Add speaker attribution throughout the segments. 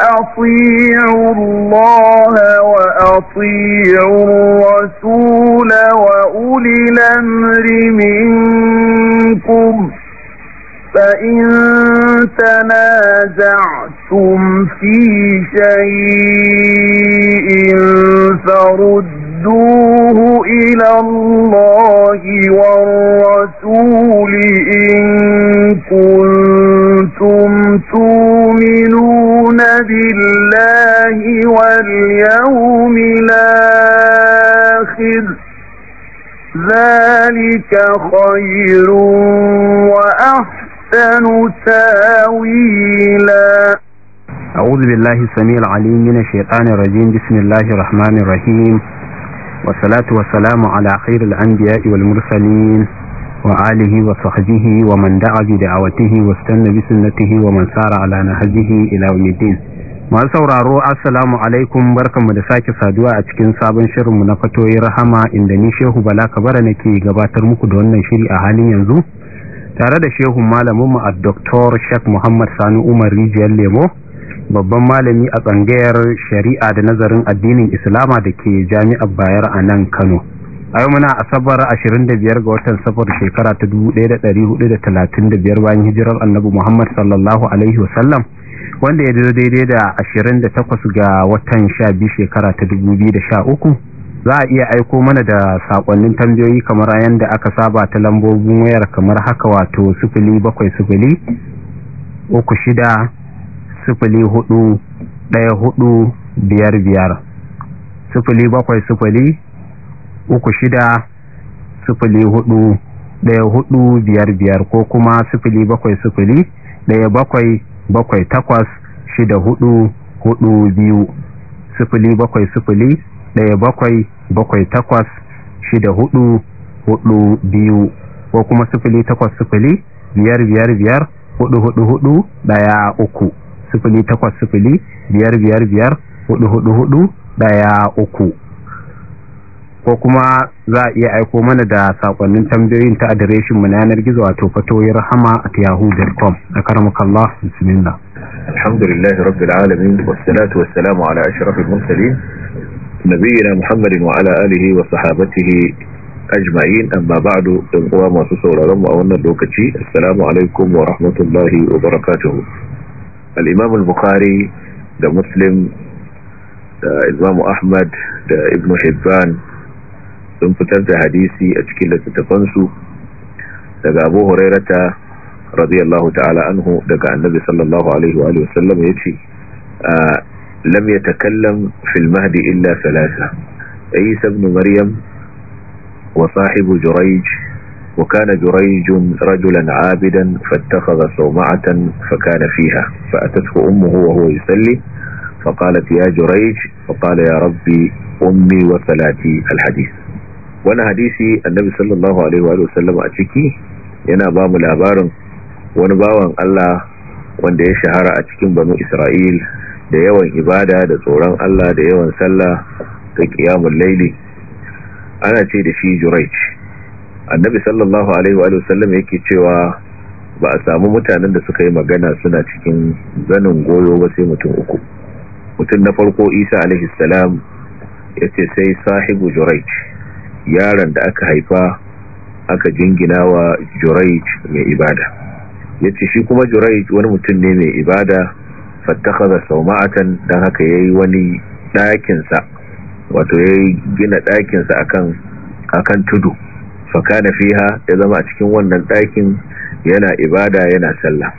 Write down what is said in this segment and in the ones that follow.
Speaker 1: أطيعوا الله وأطيعوا الرسول وأولي الأمر منكم فإن تنازعتم في شيء فردوا ردوه إِلَى اللَّهِ وَالرَّسُولِ إِن كُنتُمْ تُؤْمِنُونَ بِاللَّهِ وَالْيَوْمِ الْآخِرِ ذَلِكَ خَيْرٌ وَأَحْسَنُ تَأْوِيلًا
Speaker 2: أعوذ بالله السميع العليم من الشيطان الرجيم بسم الله الرحمن الرحيم wasalatu wasalamu ala khairil anbiya'i wal mursalin wa alihi wa sahbihi wa man da'a bi da'awatihi wa istanna bi sunnatihi wa man sara ala nahjihi ila yawmiddin masu sauraro assalamu alaikum barkanmu da sake saduwa a cikin sabon mu na fatoyi rahama inda ni shehu bala kabara nake gabatar muku da wannan shiri a halin yanzu tare da shehun mu a Dr. shek Muhammad Sani Umar Rijiyar Lemo babban malami a tsangayar shari'a da nazarin addinin islama da ke jami'ar bayar a nan kano a yau muna asabar 25 ga watan safar shekara ta 1435 bayan hijirar annabi muhammad sallallahu alaihi wasallam wanda ya daidai da 28 ga watan 12 shekara ta 2013 za a iya aiko mana da sakonnin tambayoyi kamar da aka saba ta lambobin wayar kamar haka wato Sufili uku shida sifili hudu daya hudu biyar biyar sifili bakwai sifili uku shida sifili hudu daya hudu biyar biyar ko kuma sifili bakwai sifili daya bakwai bakwai takwas shida hudu hudu biyu sifili bakwai sifili daya bakwai bakwai takwas shida hudu hudu biyu ko kuma sifili takwas sifili biyar biyar biyar hudu hudu hudu daya uku sifili takwas sifili biyar biyar biyar hudu hudu hudu daya uku ko kuma za a iya aiko mana da sakonnin tambayoyin ta adireshinmu na yanar gizo wato fatoyar hama at yahoo.com a karamakallah bismillah
Speaker 3: alhamdulillahi rabbil alamin wassalatu wassalamu ala ashrafil mursalin nabiyina muhammadin wa ala alihi wa sahabatihi ajma'in amma ba'du dan uwa masu sauraron mu a wannan lokaci assalamu alaikum wa rahmatullahi wa barakatuh al-imam al-bukhari da muslim da imam ahmad da ibn hibban sun fitar da hadisi a cikin littattafansu daga abu hurairata radiyallahu ta'ala anhu daga annabi sallallahu alaihi wa sallam ya ce lam illa salasa isa ibn maryam wa sahibu jurayj وكان جريج رجلا عابدا فاتخذ صومعة فكان فيها فأتته أمه وهو يسلي فقالت يا جريج فقال يا ربي أمي وثلاثي الحديث وانا حديثي النبي صلى الله عليه وآله وسلم أتكي yana ba mu labarin wani bawan Allah wanda ya shahara a cikin banu Isra'il da yawan ibada da tsoron Allah da yawan sallah da ƙiyamun laili ana ce da shi Juraic annabi sallallahu alaihi wa sallam yake cewa ba a samu mutanen da suka yi magana suna cikin zanin goyo ba sai mutum uku mutum na farko isa alaihi salam ya ce sai sahibu juraic yaron da aka haifa aka jingina wa juraic mai ibada ya ce shi kuma juraic wani mutum ne mai ibada sau ma'atan don haka ya yi wani ɗakinsa wato ya gina ɗakinsa akan tudu fakana fiha ya zama a cikin wannan ɗakin yana ibada yana sallah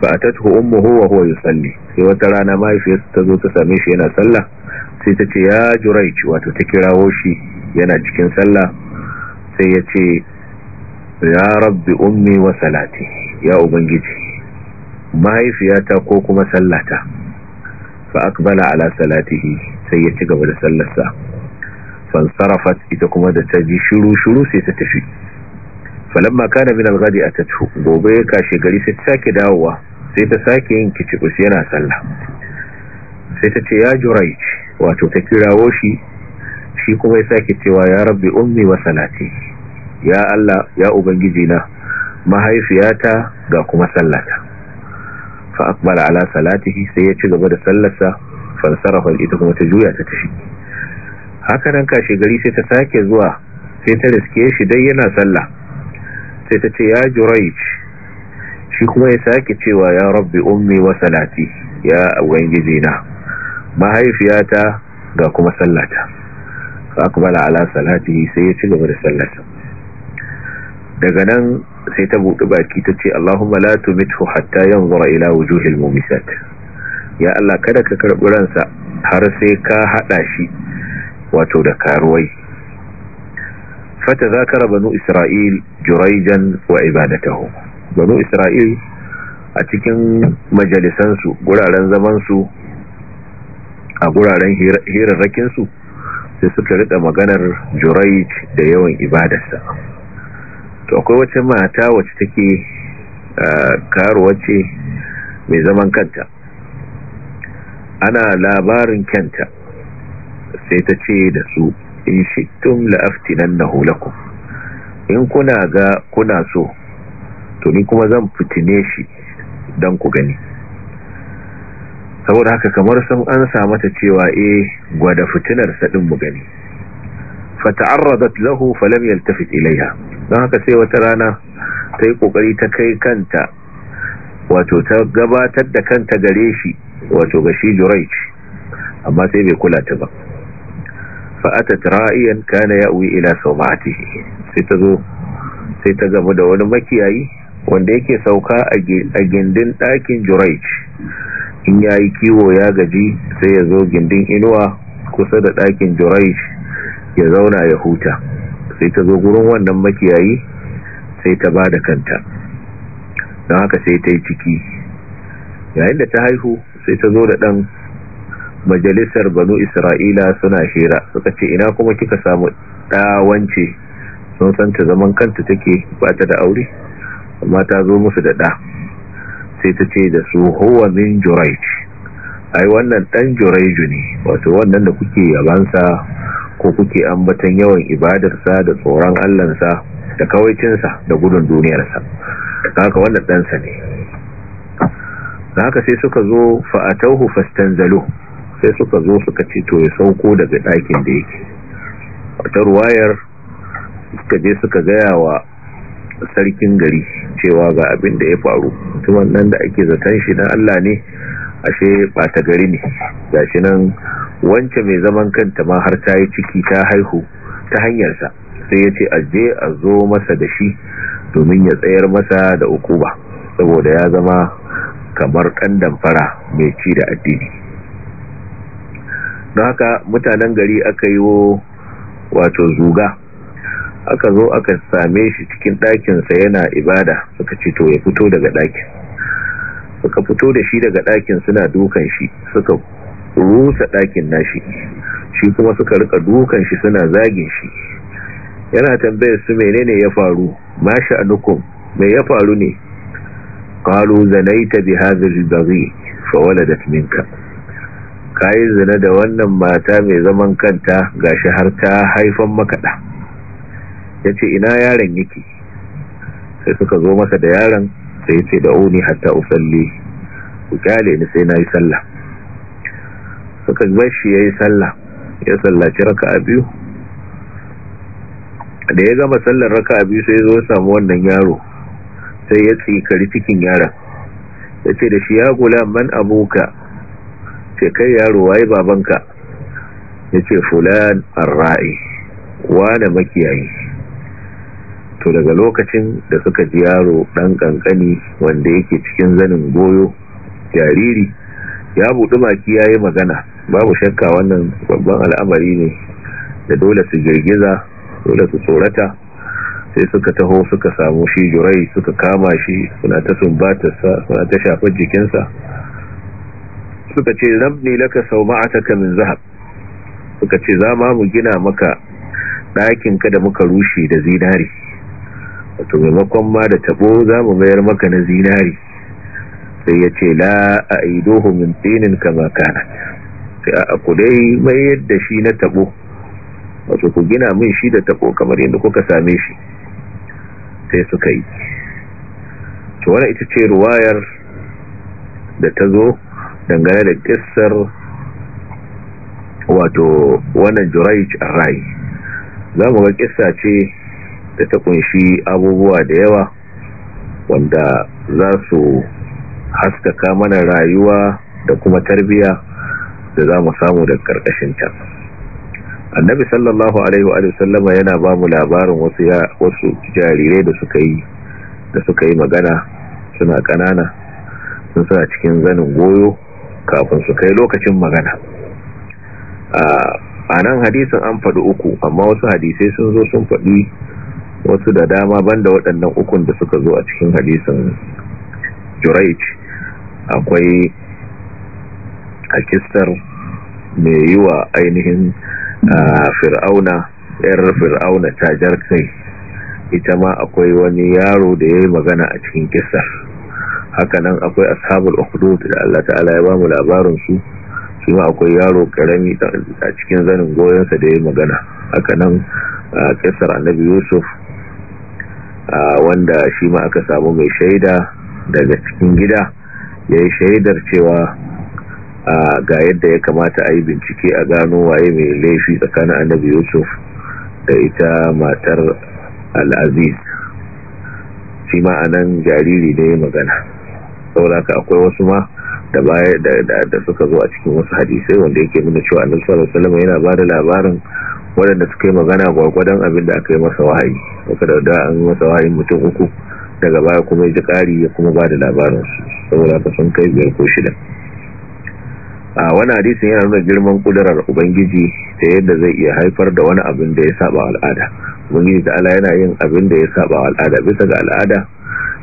Speaker 3: fa atathu ummuhu wa huwa yusalli sai wata rana mahaifiyarsa ta zo ta same shi yana sallah sai ta ce ya juraic wato ta kirawo shi yana cikin sallah sai ya ce ya rabbi ummi wa salati ya ubangiji mahaifiyata ko kuma sallata fa akbala ala salatihi sai ya ci gaba da sallarsa fansarafat ita kuma da ta ji shiru shiru sai ta tafi falamma kana min al atatu gobe kashe gari sai ta sake dawowa sai ta sake yin kicibus yana sallah sai ta ce ya jurayj wato ta kirawo shi shi kuma ya sake cewa ya rabbi ummi wa salati ya Allah ya ubangiji na mahaifiyata ga kuma sallata fa aqbala ala salatihi sai ya ci gaba da sallarsa fansarafa ita kuma ta juya ta tafi haka nan kashi gari sai ta sake zuwa sai ta riske shi dai yana sallah sai ta ce ya jurayj shi kuma ya sake cewa ya rabbi ummi wa salati ya ubangiji na mahaifiyata ga kuma sallata fa akbala ala salati sai ya ci gaba da sallata daga nan sai ta buɗe baki ta ce Allahumma la tumithu hatta yanzura ila wujuhil mu'minat ya Allah kada ka karɓi ransa har sai ka hada shi wato da karuwai fata zakara banu isra'il juraijan wa ibadatahu banu isra'il a cikin majalisansu guraren zamansu a guraren hirarrakinsu sai suka rika maganar juraij da yawan ibadarsa to akwai wacce mata wacce take karuwace mai zaman kanta ana labarin kenta sai ta ce da su in la'aftinan na lakum in kuna ga kuna so to ni kuma zan fitine shi dan ku gani saboda haka kamar sun an sa mata cewa e gwada fitinar sa mu gani fata'arradat lahu falam yaltafit ilayha don haka sai wata rana ta yi kokari ta kai kanta wato ta gabatar da kanta gare shi wato ga shi juraic amma sai bai kula ta ba fa'atat ra'iyan kana ya'wi ila sawmatihi sai ta zo sai ta gamu da wani makiyayi wanda yake sauka a gindin ɗakin juraic in yayi kiwo ya gaji sai ya zo gindin inuwa kusa da ɗakin juraic ya zauna ya huta sai ta zo gurin wannan makiyayi sai ta ba da kanta don haka sai ta yi ciki yayin da ta haihu sai ta zo da ɗan majalisar banu isra'ila suna shira suka ce ina kuma kika samu ɗawance sun ta zaman kanta take ba ta da aure amma ta zo musu da ɗa sai ta ce da su huwa min juraij ai wannan ɗan juraiju ne wato wannan da kuke yabansa ko kuke ambatan yawan ibadarsa da tsoron allansa da kawaicinsa da gudun duniyarsa haka wannan ɗansa ne haka sai suka zo fa'atahu fastanzalu sai suka zo suka ce to ya sauko daga ɗakin da yake wata ruwayar suka je suka gaya wa sarkin gari cewa ga abin da ya faru mutumin nan da ake zaton shi na Allah ne ashe bata gari ne gashi nan wance mai zaman kanta ma har ta yi ciki ta haihu ta hanyarsa sai ya ce je a zo masa da shi domin ya tsayar masa da ukuba saboda ya zama kamar ɗan damfara mai ci da addini don haka mutanen gari aka yi wato zuga aka zo aka same shi cikin ɗakinsa yana ibada suka ce to ya fito daga ɗakin suka fito da shi daga ɗakin suna dukan shi suka rusa ɗakin nashi shi kuma suka rika dukan shi suna zagin shi yana tambayar su menene ya faru mashi nukun mai ya faru ne ƙalu zanaita bi hazir baghi fa da tuminka kayi zina da wannan mata mai zaman kanta ga shi har ta haifan makaɗa ya ce ina yaron yake sai suka zo masa da yaron sai ya ce da uni hatta usalli ku kyale ni sai na yi sallah suka bashi ya yi sallah ya sallaci raka a biyu da ya gama sallar raka a biyu sai zo samu wannan yaro sai ya tsikari cikin yaron ya ce da shi ya gula man abuka ce kai yaro waye babanka yace ce fulan arra'i da makiyayi to daga lokacin da suka ji yaro ɗan ƙanƙani wanda yake cikin zanin goyo jariri ya buɗe maki yayi magana babu shakka wannan babban al'amari ne da dole su girgiza dole su tsorata sai suka taho suka samu shi jurai suka kama shi suna ta sumbatarsa suna ta shafar jikinsa suka ce rabni laka sauma'ataka min zahab suka ce za ma mu gina maka ɗakin ka da muka rushe da zinari wato maimakon ma da tabo za mu mayar maka na zinari sai ya ce la a idohu min tsinin kama kana sai a kudai mai yadda shi na tabo wato ku gina min shi da tabo kamar yadda kuka same shi sai suka yi wani ita ce ruwayar da ta zo dangane da kissar wato wannan juraic rai za mu ga kissa ce da ta kunshi abubuwa da yawa wanda za su haskaka mana rayuwa da kuma tarbiya da za mu samu da ta annabi sallallahu alaihi wa sallama yana ba mu labarin wasu jarirai da suka yi da suka yi magana suna ƙanana, sun suna cikin zanin goyo kafin su kai lokacin magana a nan hadisin an faɗi uku amma wasu hadisai sun zo sun faɗi wasu da dama banda waɗannan ukun da suka zo a cikin hadisin juraic akwai a kistar mai yi wa ainihin fir'auna yar fir'auna ta jarkai ita ma akwai wani yaro da ya yi magana a cikin kistar hakanan akwai ashabul ukhdud da Allah ta'ala ya bamu labarin su su akwai yaro karami a cikin zanin sa da ya magana hakanan kisar annabi yusuf wanda shi ma aka samu mai shaida daga cikin gida ya yi shaidar cewa ga yadda ya kamata a yi bincike a gano waye mai laifi tsakanin annabi yusuf da ita matar al'aziz shi ma anan jariri ne magana saboda ka akwai wasu ma da baya da suka zo a cikin wasu hadisai wanda yake nuna cewa annabi sallallahu alaihi wasallam yana ba da labarin waɗanda suka yi magana gwargwadon abin da aka yi masa wahayi waka da da an masa wahayi mutum uku daga baya kuma ya ji kari ya kuma ba da labarin saboda ka sun kai biyar ko shida a wani hadisin yana nuna girman kudurar ubangiji ta yadda zai iya haifar da wani abin da ya saba al'ada ubangiji da ala yana yin abin da ya saba al'ada bisa ga al'ada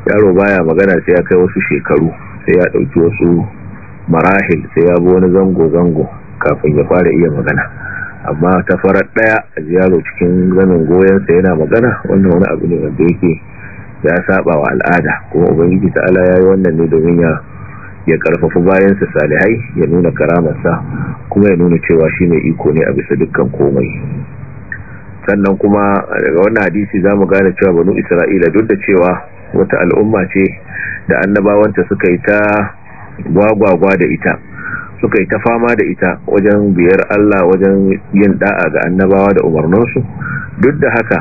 Speaker 3: yaro baya magana sai ya kai wasu shekaru sai ya dauki wasu marahil sai ya bi wani zango-zango kafin ya fara iya magana amma ta farar daya a yaro cikin zanen goyonsa yana magana wannan wani abu ne wanda yake ya saba wa al'ada kuma ubangiji ta'ala ya yi wannan ne domin ya ya karfafa bayansa salihai ya nuna sa kuma ya nuna cewa shi mai iko ne a bisa dukkan komai sannan kuma daga wannan hadisi zamu gane cewa banu isra'ila duk da cewa wata al'umma ce da annabawanta suka yi ta gwagwagwa da ita suka yi ta fama da ita wajen biyar Allah wajen yin da'a ga annabawa da umarninsu duk da haka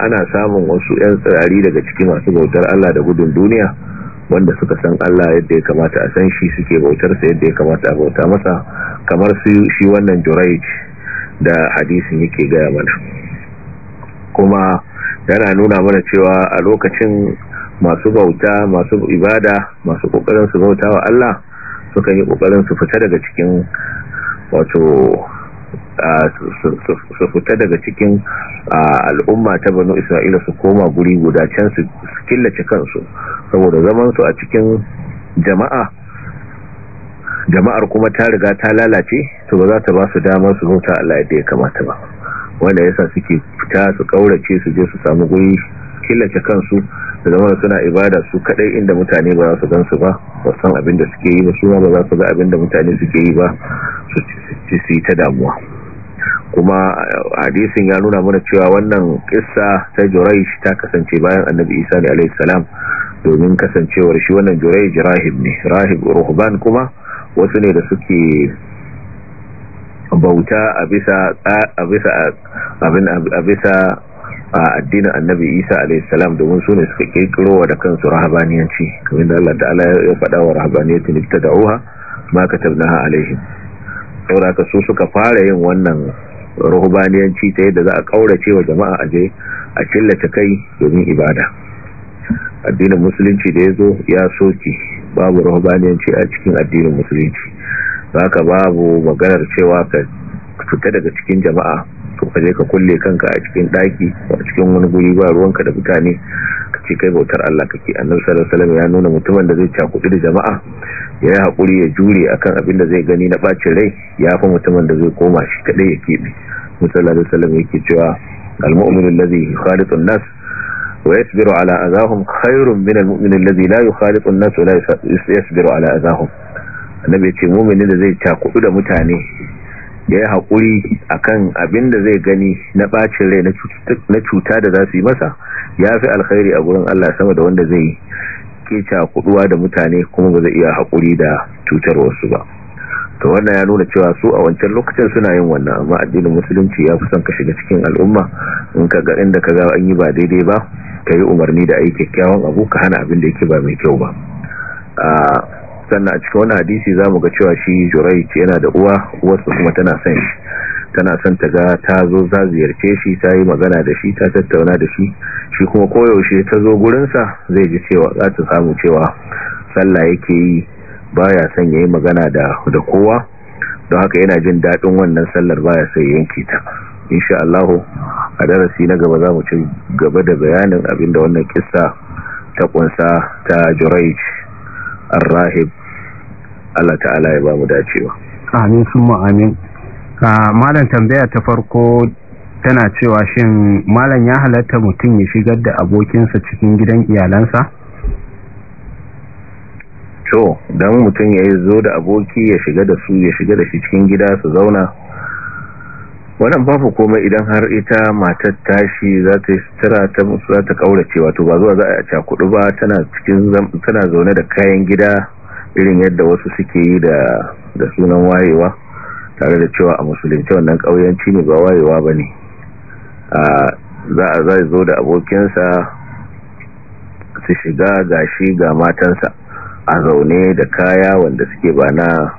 Speaker 3: ana samun wasu 'yan tsirari daga cikin masu bautar Allah da gudun duniya wanda suka san Allah yadda ya kamata a san shi suke bautar sa yadda ya kamata a bauta masa kamar su shi wannan juraic da hadisin yake gaya mana kuma yana nuna mana cewa a lokacin masu bauta masu ibada masu kokarin su bauta wa Allah sukan yi kokarin su fita daga cikin wato su fita daga cikin al'umma ta banu isra'ila su koma guri guda can su killace kansu saboda zaman su a cikin jama'a jama'ar kuma ta riga ta lalace to ba za ta ba su damar su bauta Allah yadda ya kamata ba wanda yasa suke fita su kaurace su je su samu guri killace kansu da zama suna ibada su kadai inda mutane ba za su gansu ba ba san abin da suke yi ba su ba za su ga abin da mutane suke yi ba su ci su yi ta damuwa kuma eh, hadisin ya nuna mana cewa wannan kissa ta jurayish ta kasance bayan Annabi Isa alaihi salam domin kasancewar shi wannan jurayish rahib ne rahib ruhban kuma wasu ne da suke bauta a bisa a bisa abin a bisa a addinin annabi isa salam domin su ne suka kirkiro da kansu rahabaniyanci kamar da allah ta'ala ya faɗa wa rahabaniyatin ita da ma ka tabna ha alaihim saboda su suka fara yin wannan rahabaniyanci ta yadda za a kaurace wa jama'a aje a killace kai domin ibada addinin musulunci da ya zo ya soki babu rahabaniyanci a cikin addinin musulunci zaka babu maganar cewa ka fita daga cikin jama'a to ka je ka kulle kanka a cikin daki a cikin wani guri ba ruwanka da mutane ka ce kai bautar Allah kake annabi sallallahu alaihi wasallam ya nuna mutumin da zai cakuɗi da jama'a ya yi hakuri ya jure akan abin da zai gani na bacin rai ya fa mutumin da zai koma shi kadai ya kebe sallallahu alaihi wasallam yake cewa al-mu'minu alladhi khaliqu an-nas wa yasbiru ala adahum khairun min al-mu'min alladhi la yukhaliqu an-nas wa la yasbiru ala adahum annabi ce mumini da zai takudu da mutane da ya hakuri haƙuri a kan abin da zai gani na ɓacin rai na cuta da za su yi masa ya fi alkhairi a gurin Allah sama da wanda zai ke kuduwa da mutane kuma ba zai iya haƙuri da cutarwarsu ba to wannan ya nuna cewa su a wancan lokacin suna yin wannan amma addinin musulunci ya fi son ka shiga cikin al'umma in ka ga inda ka ga an yi ba daidai ba ka yi umarni da ayi kyakkyawan abu ka hana abin da yake ba mai kyau ba ah, sannan a cikin wani hadisi za mu ga cewa shi juraic yana da uwa wasu kuma tana son shi tana son ta ga ta zo za ziyarce shi ta yi magana da shi ta tattauna da shi shi kuma koyaushe ta zo gurinsa zai ji cewa za ta samu cewa sallah yake yi ba ya son ya yi magana da kowa don haka yana jin daɗin wannan sallar ya sai yanki ta insha Allah a darasi na gaba za mu ci gaba da bayanin abinda wannan kissa ta kunsa ta juraij ar Allah ta'ala ya ba mu dacewa
Speaker 2: amin summa amin malam tambaya ta farko tana cewa shin malam ya halatta mutum ya shigar da abokinsa cikin gidan iyalansa
Speaker 3: to dan mutum ya zo da aboki ya shiga da su ya shiga da shi cikin gida su zauna wannan babu komai idan har ita matar tashi za ta yi sutura ta musu za ta cewa to ba zuwa za a cakudu ba tana zaune da kayan gida irin yadda wasu suke yi da sunan wayewa tare da cewa a musulunci wannan ƙauyanci ne ba wayewa ba ne za a zai zo da abokinsa su shiga gashi ga matansa a zaune da kaya wanda suke ba na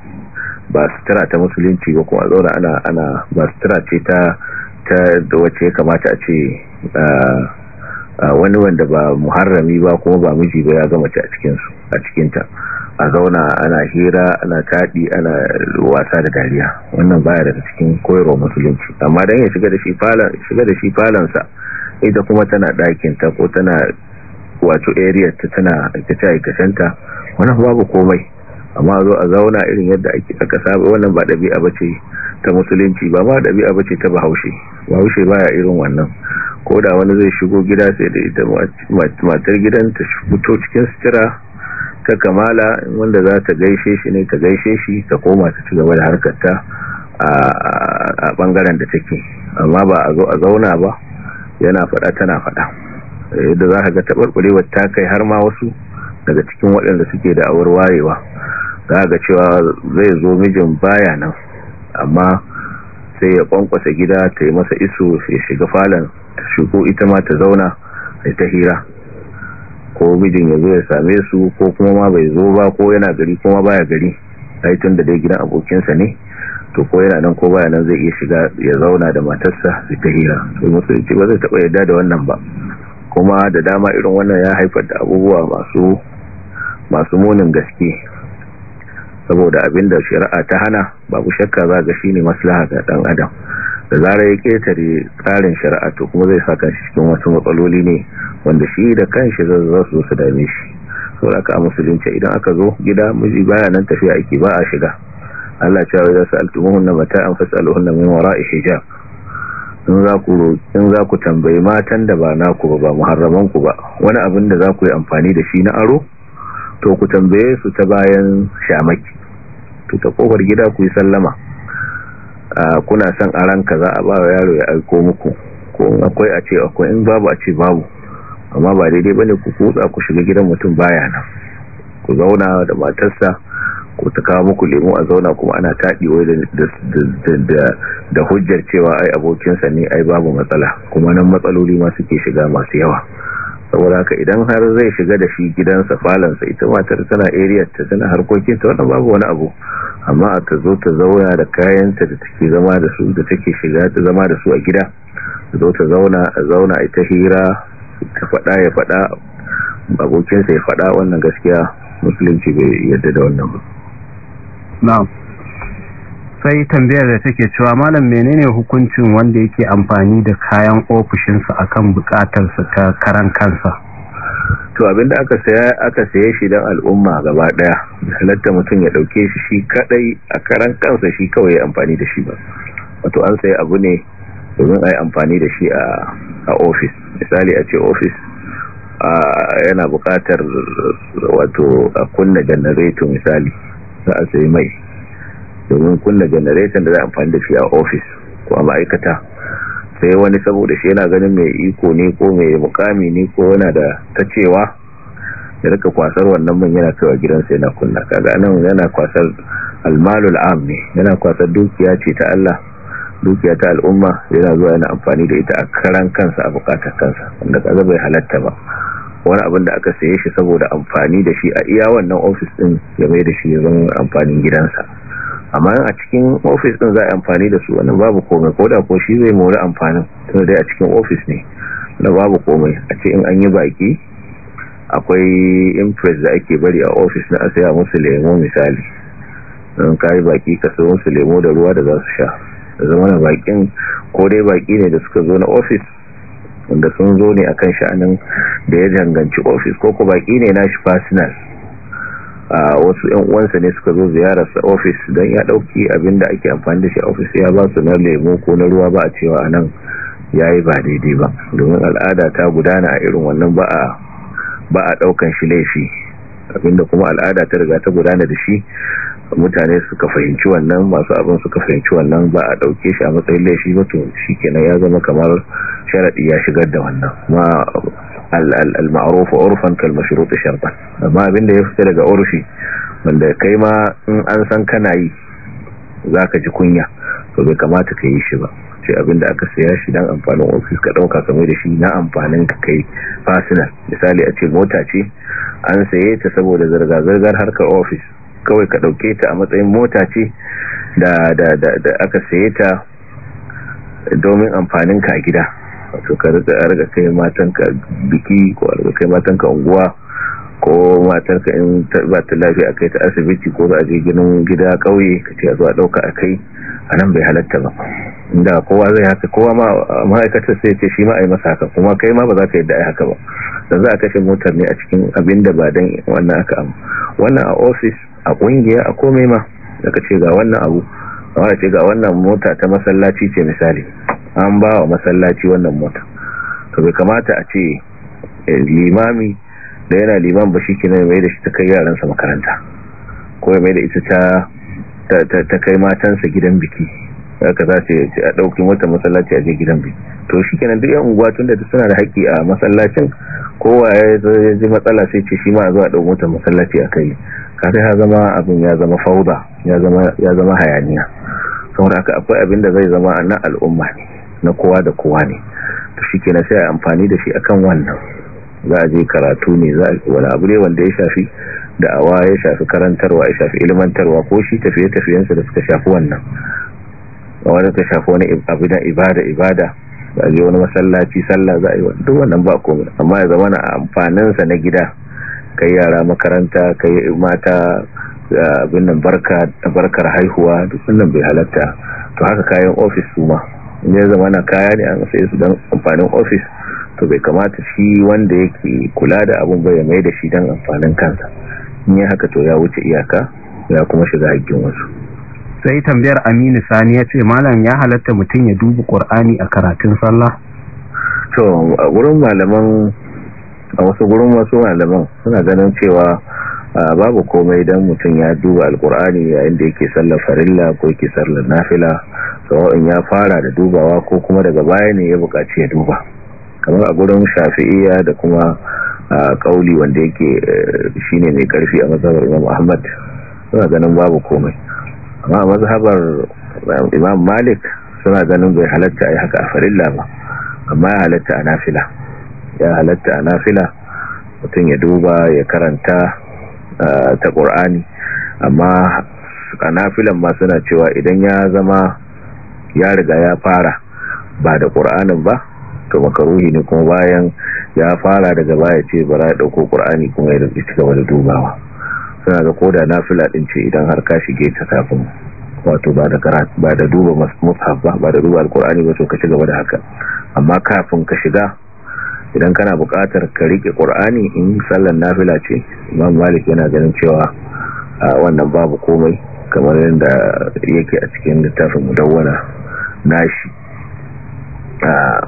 Speaker 3: ba sutura ta musulunci ba kuma zaune ana ana ba sutura ce ta ta da wacce kamata a ce wani wanda ba muharrami ba kuma ba miji ba ya gama ta a cikinsu a cikinta a zauna ana hira ana kaɗi ana wasa da dariya wannan baya daga cikin koyarwa musulunci amma don ya shiga da shi falansa ita kuma tana ɗakinta ko tana wato area ta tana aikace-aikacenta wannan babu komai amma zo a zauna irin yadda ake aka saba wannan ba dabi'a bace ta musulunci ba ba dabi'a bace ta bahaushe bahaushe baya irin wannan ko da wani zai shigo gida sai da ita matar gidan ta fito cikin sutura ta kamala wanda za ta gaishe shi ne ta gaishe shi ta koma ta ci gaba da harkarta a bangaren da take amma ba a zo a zauna ba yana fada tana fada eh, yadda za ka ga taɓarɓarewar ta kai har ma wasu daga cikin waɗanda suke da awar warewa za ga cewa zai zo mijin baya nan amma sai ya kwankwasa gida ta yi masa iso ya shiga falon ta shigo ita ma ta zauna ta hira ko mijin ya zo ya same su ko kuma ma bai zo ba ko yana gari kuma baya gari ai tun da dai gidan abokinsa ne to ko yana nan ko baya nan zai iya shiga ya zauna da matarsa su ta hira to musulunci ba zai taɓa yarda da wannan ba kuma da dama irin wannan ya haifar da abubuwa masu masu munin gaske saboda abinda shari'a ta hana babu shakka za ga shine maslaha ga ɗan adam da zarar ya ketare tsarin shari'a to kuma zai saka shi cikin wasu matsaloli ne wanda shi da kanshi zai za su su dame shi so aka a musulunci idan aka zo gida miji baya nan tafiya ake ba a shiga Allah cewa idan mata mata'an fas'aluhunna min wara'i hijab in za ku in za ku tambayi matan da ba naku ba ba muharraman ku ba wani abin da za ku yi amfani da shi na aro to ku tambaye su ta bayan shamaki to ta kofar gida ku yi sallama kuna son ranka za a ba yaro ya aiko muku ko akwai a ce akwai in babu a ce babu amma ba daidai bane ku kutsa ku shiga gidan mutum baya nan ku zauna da matarsa ko ta kawo muku lemu a zauna kuma ana taɗi wai da hujjar cewa ai abokinsa ne ai babu matsala kuma nan matsaloli ma suke shiga masu yawa saboda haka idan har zai shiga da shi gidansa falansa ita matar tana area ta tana harkokin ta wannan babu wani abu amma a ta zo ta zauna da kayanta da take zama da su da take shiga ta zama da su a gida ta zo ta zauna a zauna ita hira ta faɗa ya faɗa abokinsa ya faɗa wannan gaskiya musulunci bai yadda da wannan ba
Speaker 2: sai tambayar da take cewa malam menene hukuncin wanda yake amfani da kayan ofishinsa akan bukatarsa ta karan kansa
Speaker 3: to abinda aka saya aka saye shi dan al'umma gaba daya halatta mutum ya dauke shi shi kadai a karan kansa shi kawai amfani da shi ba wato an saye abu ne domin ai amfani da shi a office misali a ce office yana bukatar wato a kunna generator misali za a sayi mai domin kunna generator da za a amfani da shi a ofis ko a ma'aikata sai wani saboda shi yana ganin mai iko ne ko mai mukami ne ko yana da ta cewa ya rika kwasar wannan man yana kaiwa gidansa yana kunna kaga nan yana kwasar almalul am ne yana kwasar dukiya ce ta Allah dukiya ta al'umma yana zuwa yana amfani da ita a karan kansa a bukatar kansa wanda kaga bai halatta ba wani abin da aka saye shi saboda amfani da shi a iya wannan ofis din ya mai da shi ya zama amfanin gidansa amma a cikin ofis din za a amfani da su wannan babu komai ko da ko shi zai mori amfani tun dai a cikin ofis ne na babu komai a ce in an yi baki akwai impress da ake bari a ofis na asaya musu lemo misali don kayi baki ka musu lemo da ruwa da za su sha da zama na bakin ko dai baki ne da suka zo na ofis wanda sun zo ne akan sha'anin da ya danganci ofis ko ku baki ne na shi personal wasu yan uwansa ne suka zo ziyararsa ofis don ya dauki abinda ake amfani da shi a ofis ya ba su na lemo ko na ruwa ba a cewa nan ya yi ba daidai ba domin al'ada ta gudana a irin wannan ba a ba a daukan shi laifi abinda kuma al'ada ta riga ta gudana da shi mutane suka fahimci wannan masu abin suka fahimci wannan ba a dauke shi a matsayin laifi ba to kenan ya zama kamar sharadi ya shigar da wannan ma al-ma'ruf urfan kal mashrut shartan amma abin da ya fita daga urfi wanda kai ma in an san kana yi zaka ji kunya to bai kamata ka yi shi ba ce da aka saya shi dan amfanin ofis ka dauka kamar da shi na amfanin ka kai personal misali a ce mota ce an saye ta saboda zirga-zirgar harkar ofis kawai ka dauke ta a matsayin mota ce da aka saye ta domin amfanin ka a gida wato ka riga kai matan ka biki ko riga kai matan ka unguwa ko matar ka in ba ta lafiya kai ta asibiti ko za a je ginin gida kauye ka ce a zuwa dauka akai a nan bai halatta ba inda kowa zai haka kowa ma ma'aikatar sai ce shi ma a masa haka kuma kai ma ba za ka da ai haka ba da za a kashe motar ne a cikin abinda ba dan wannan aka wannan a ofis a kungiya a komai ma daga ce ga wannan abu kamar ce ga wannan mota ta masallaci ce misali an ba wa masallaci wannan mota to bai kamata a ce eh, limami da yana liman ba shi kina mai da shi ta kai yaransa makaranta ko mai da ita ta ta kai matansa gidan biki haka za ce a ɗauki mota masallaci a je gidan biki to shi kenan duk yan unguwa tun da suna da haƙƙi a masallacin kowa ya matsala sai ce shi ma a zuwa a ɗauki masallaci a kai kada ya zama abin ya zama fauda ya zama hayaniya saboda aka akwai abin da zai zama na al'umma ne na kowa da kowa ne to shi kenan sai a amfani da shi akan wannan za a je karatu ne za a wani abu ne wanda ya shafi da'awa ya shafi karantarwa ya shafi ilmantarwa ko shi tafiye-tafiyensa da suka shafi wannan wanda ta shafi wani abu na ibada-ibada za a je wani masallaci sallah za a yi duk wannan ba komai amma ya zama na amfaninsa na gida kai yara makaranta kai mata abin nan barkar haihuwa duk wannan bai halatta to haka kayan ofis su ma in ya zama na kaya ne an sai su dan amfanin ofis to bai kamata shi wanda yake kula da abun ba ya mai da shi dan amfanin kansa in ya haka to ya wuce iyaka ya kuma shiga hakkin wasu sai tambayar
Speaker 2: aminu sani ya ce malam ya halatta mutum ya dubi ƙur'ani a karatun sallah
Speaker 3: to a wurin malaman a wasu gurin wasu malaman suna ganin cewa babu komai don mutum ya duba alkur'ani yayin da yake sallar farilla ko yake sallar nafila in ya fara da dubawa ko kuma daga baya ne ya bukaci ya duba kamar a gurin shafi'iya da kuma kauli wanda yake e, shine mai karfi a mazhabar imam ahmad suna ganin babu komai amma a mazhabar e, imam malik suna ganin bai halatta a yi haka a farilla ba amma ya halatta a nafila ya halatta a nafila mutum ya duba ya karanta ta ƙur'ani amma a nafilan ma suna cewa idan ya zama ya riga ya fara ba da ƙur'anin ba to makaruhi ne kuma bayan ya fara daga baya ce za ya ɗauko ƙur'ani kuma ya ci gaba da dubawa suna ga koda nafila ɗin ce idan har ka shige ta kafin wato ba da duba masu ba ba da duba alƙur'ani ba to ka ci gaba da haka amma kafin ka shiga idan kana buƙatar ka rike ƙur'ani in sallar nafila ce imam malik yana ganin cewa wannan babu komai kamar yadda yake a cikin littafin mudawwana nashi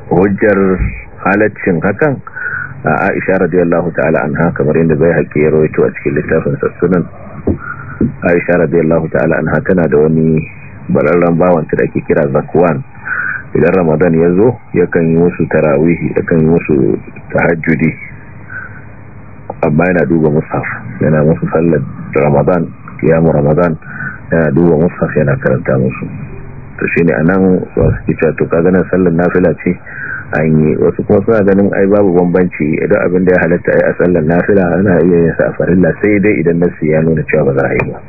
Speaker 3: hujjar halaccin hakan a aisha radiyallahu ta'ala anha kamar yadda bai haƙe ya rawaito a cikin littafin sassunan aisha radiyallahu ta'ala anha tana da wani bararren bawanta da ake kira zakwan idan ramadan ya zo yakan yi musu tarawihi yakan yi musu tahajjudi amma yana duba musaf yana musu sallar ramadan kiyamu ramadan yana duba musaf yana karanta musu to a anan wasu kicci to ka ganin sallar nafila ce an yi wasu kuma suna ganin ai babu bambanci idan abin da ya halatta yi a sallar nafila ana iya yin safarin a sai dai idan nasi ya nuna cewa ba za a yi ba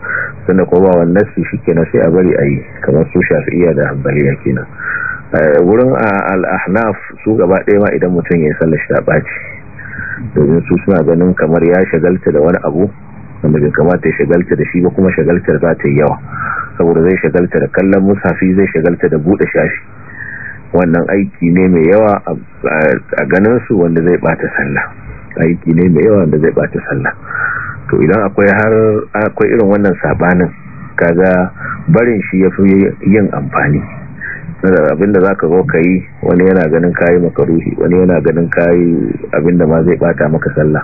Speaker 3: sannan kuma nasi shi shikenan sai a bari a yi kamar su iya da hanbaliya kenan Eh, wurin alahnaf su gaba ɗaya ma idan mutum ya sallar shi ta ɓaci domin su suna ganin kamar ya shagalta da wani abu wanda bai kamata ya shagalta da shi ba kuma shagaltar za ta yi yawa saboda zai shagalta da kallon musafi zai shagalta da buɗe shafi wannan aiki ne mai yawa a ganin su wanda zai ɓata sallah aiki ne mai yawa wanda zai ɓata sallah to idan akwai har akwai irin wannan sabanin kaga barin shi ya fi yin amfani Eh, abinda za ka zo ka yi wani yana ganin kayi makaruhi wani yana ganin kayi abinda ma zai bata maka sallah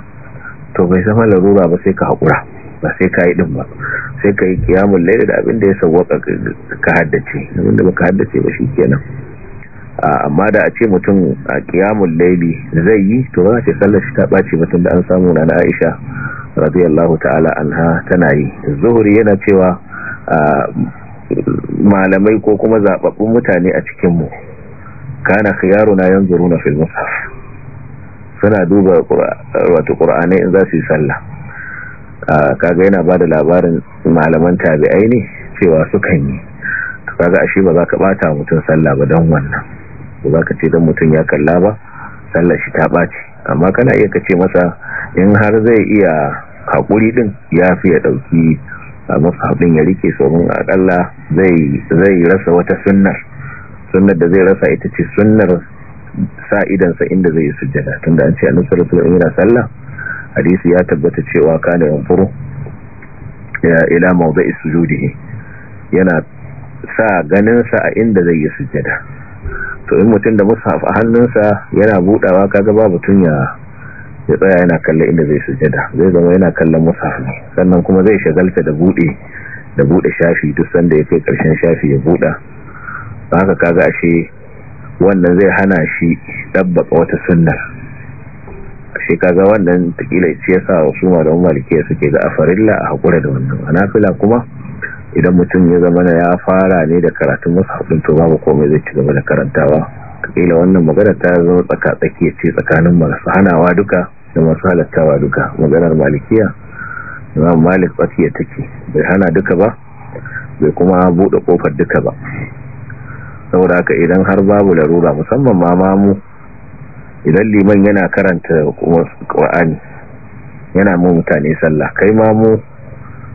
Speaker 3: to bai zama larura ba sai ka haƙura ba sai ka yi ɗin ba sai ka yi kiyamun laida da abinda ya sauwaka ka haddace abinda ba ka haddace ba shi kenan amma da a ce mutum a kiyamun laili zai yi to ba ce sallar shi ta ɓace mutum da an samu na aisha radiyallahu ta'ala anha tana yi zuhuri yana cewa malamai ko kuma zababbun mutane a cikinmu kana na yanzu fil mushaf suna duba wato qur'ani in za su yi sallah kaga yana bada labarin malaman tabi'ai ne cewa su kan yi kaga ashe ba za ka bata mutum sallah ba dan wannan ba za ka ce dan mutum ya kalla ba sallah shi ta ɓaci amma kana iya kace masa in har zai iya hakuri din ya fi ya ɗauki a mafafin ya rike somin akalla zai rasa wata sunnar sunnar da zai rasa ita ce sunnar sa'idansa inda zai yi sujjada tun da an ce nusa sallallahu alaihi wasallam sallah hadisi ya tabbata cewa kane furu ya ila isu sujudihi yana sa ganinsa a inda zai yi sujjada to in mutum da mushaf a hannunsa yana budawa kaga babu tun ya ya tsaya yana kallon inda zai sujada zai zama yana kallon musaf ne sannan kuma zai shagalta da bude da bude shafi duk sanda ya kai karshen shafi ya buda haka kaga ashe wannan zai hana shi dabbaka wata sunnar ashe kaga wannan takila ce yasa wasu malaman malikiya suke ga afarilla a hakura da wannan fila kuma idan mutum ya zama ya fara ne da karatun musaf din to babu komai zai ci gaba da karantawa kila wannan magana ta zo tsaka tsakiya ce tsakanin masu hanawa duka da masu halattawa duka maganar malikiya na malik tsakiya take bai hana duka ba bai kuma buɗe ƙofar duka ba saboda haka idan har babu larura musamman ma mamu idan liman yana karanta ƙwa'ani yana mu mutane sallah kai mamu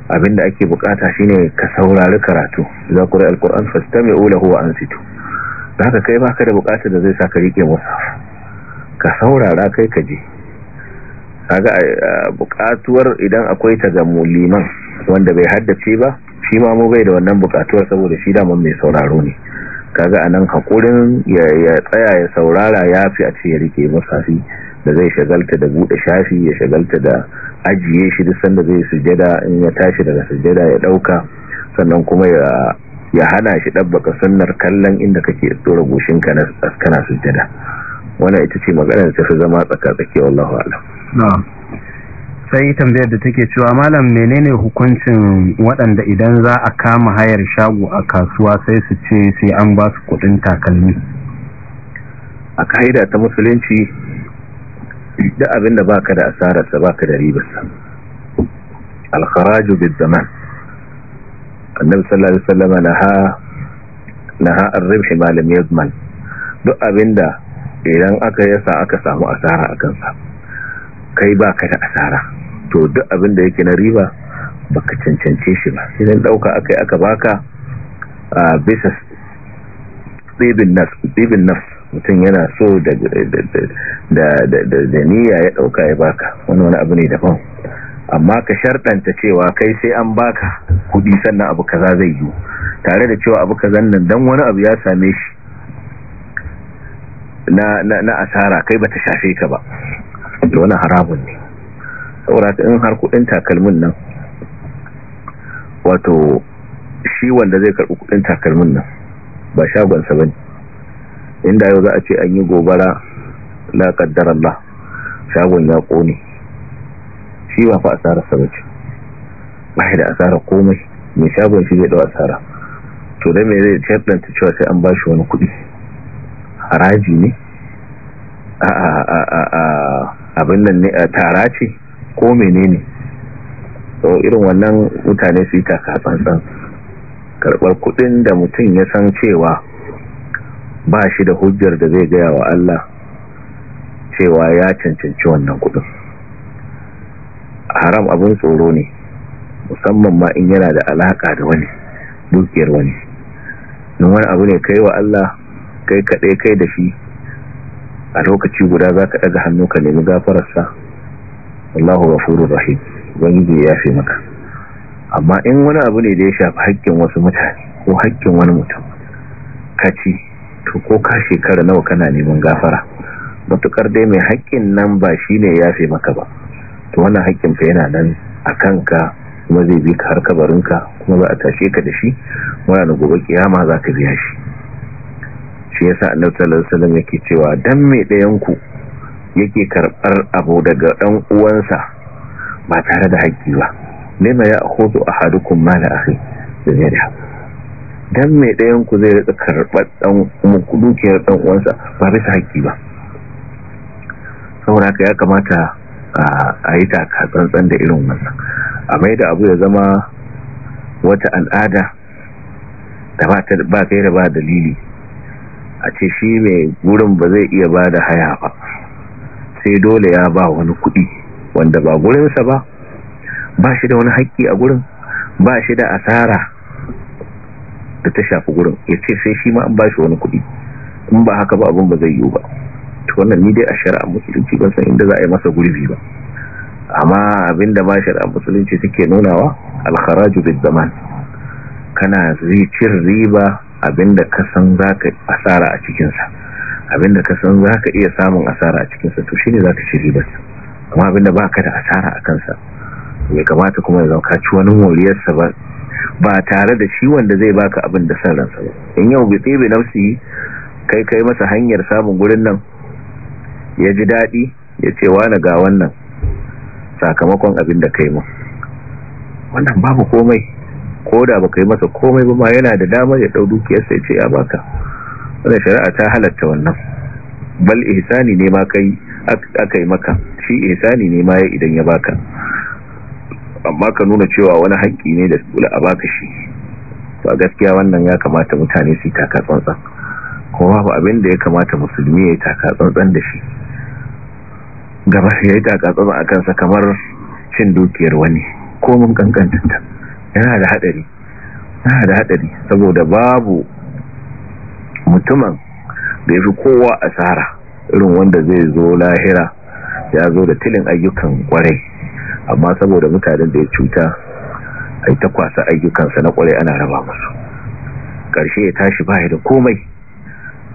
Speaker 3: abinda ake bukata shine ka saurari karatu za ku rai alkur'an fastami'u lahu wa ansitu da haka kai baka da bukatar da zai sa ka rike mushaf ka saurara kai ka je kaga eh, eh, bukatuwar idan akwai ta ga muliman wanda bai haddace ba shi ma mu bai da wannan bukatuwar saboda shi daman mai sauraro ne kaga anan hakurin ya tsaya ya saurara ya fi a ce ya rike musafi da zai shagalta da bude shafi ya shagalta da ajiye shi duk sanda zai sujada in ya tashi daga sujada ya dauka sannan kuma ya ya hana shi dabbaka sunnar kallon inda kake tsora ka na su sujjada wannan ita ce maganar ta fi zama tsakatsaki wallahu a'lam
Speaker 2: sai tambayar da take cewa malam menene hukuncin waɗanda idan za a kama hayar shago a kasuwa sai su ce sai an ba su kudin takalmi
Speaker 3: a ka'ida ta musulunci da abinda baka da asararsa baka da ribarsa alkharaju bid annabi sallallahu alaihi wasallam naha naha ar-ribh ma lam yazman duk abinda idan aka yasa aka samu asara akan sa kai baka da asara to duk abinda yake na riba baka cancance shi ba idan dauka akai aka baka a bisa tsibin nafs tsibin nafs mutum yana so da da da da niyya ya dauka ya baka wani wani abu ne daban amma ka sharɗanta cewa kai sai an baka kuɗi sannan abu kaza zai yi tare da cewa abu kazan nan dan wani abu ya same shi na na na asara kai bata shafe ka ba to wannan haramun ne saboda in har kuɗin takalmin nan wato shi wanda zai karbi kuɗin takalmin nan ba shagonsa ba ne inda yau za a ce an yi gobara la kaddar Allah shagon ya ƙone shi ba fa asarar sa bace da asarar komai mai shagon shi zai dau asara to dan me zai shaddanta cewa sai an bashi wani kuɗi haraji ne a abin nan ne tara ce ko menene to irin wannan mutane su yi takatsantsan karɓar kuɗin da mutum ya san cewa ba shi da hujjar da zai gaya wa Allah cewa ya cancanci wannan kuɗin haram abin tsoro ne musamman ma in yana da alaka da wani dukiyar wani don wani abu ne kai wa Allah kai kaɗai kai da shi a lokaci guda za ka ɗaga hannu ka nemi gafararsa Allahu ghafurur rahim yi ya yafe maka amma in wani abu ne da ya shafi haƙƙin wasu mutane ko haƙƙin wani mutum ka ci to ko ka shekara nawa kana neman gafara Matuƙar dai mai haƙƙin nan ba shi ne ya yafe maka ba to wannan hakkin fa yana nan a kanka kuma zai bi ka har kabarinka kuma za a tashe ka da shi wani gobe kiyama za ka biya shi shi yasa annabi sallallahu alaihi wasallam yake cewa dan mai ɗayan ku yake karɓar abu daga ɗan uwansa ba tare da haƙƙi ba lema ya akhudhu ahadukum mal akhi bizariha dan mai ɗayan ku zai rika karɓar ɗan dukiyar ɗan uwansa ba bisa haƙƙi ba saboda ka ya kamata a yi taka tsantsan da irin wannan a mai da abu ya zama wata al'ada da ba kai da ba dalili a ce shi mai gurin ba zai iya ba da haya ba sai dole ya ba wani kuɗi wanda ba gurinsa ba ba shi da wani haƙƙi a gurin ba shi da asara da ta shafi gurin ya ce sai shi ma an ba shi wani kuɗi in ba haka ba abin ba zai yiwu ba to wannan ni dai a shari'ar musulunci ban san inda za a yi masa gurbi ba amma abinda ba shari'ar musulunci take nunawa al-kharaju bid kana zai cin riba abinda ka san zaka asara a cikin sa abinda ka san zaka iya samun asara a cikin sa to shine zaka ci riba amma abinda baka da asara a kansa bai kamata kuma ya zauka ci wani moriyar sa ba ba tare da shi wanda zai baka abin da san ransa ba in yau bi tsibi nafsi kai kai masa hanyar samun gurin nan ya ji daɗi ya ce wani ga wannan sakamakon abin da kai mu wannan babu komai ko da ba kai masa komai ba ma yana da damar ya ɗau dukiyarsa ya ce ya baka wadda shari'a ta halatta wannan bal ihsani ne ma kai aka yi maka shi ihsani ne ma ya idan ya baka amma ka nuna cewa wani haƙƙi ne da sula a baka shi ba gaskiya wannan ya kamata mutane su taka tsantsan kuma babu abin da ya kamata musulmi ya taka tsantsan da shi gaba ya yi takatsaba a kansa kamar cin dukiyar wani ko mun kankantinta yana da haɗari yana da haɗari saboda babu mutumin da ya fi kowa asara irin wanda zai zo lahira ya zo da tilin ayyukan kwarai amma saboda mutanen da ya cuta ai ta kwasa ayyukansa na kwarai ana raba musu ƙarshe ya tashi baya da komai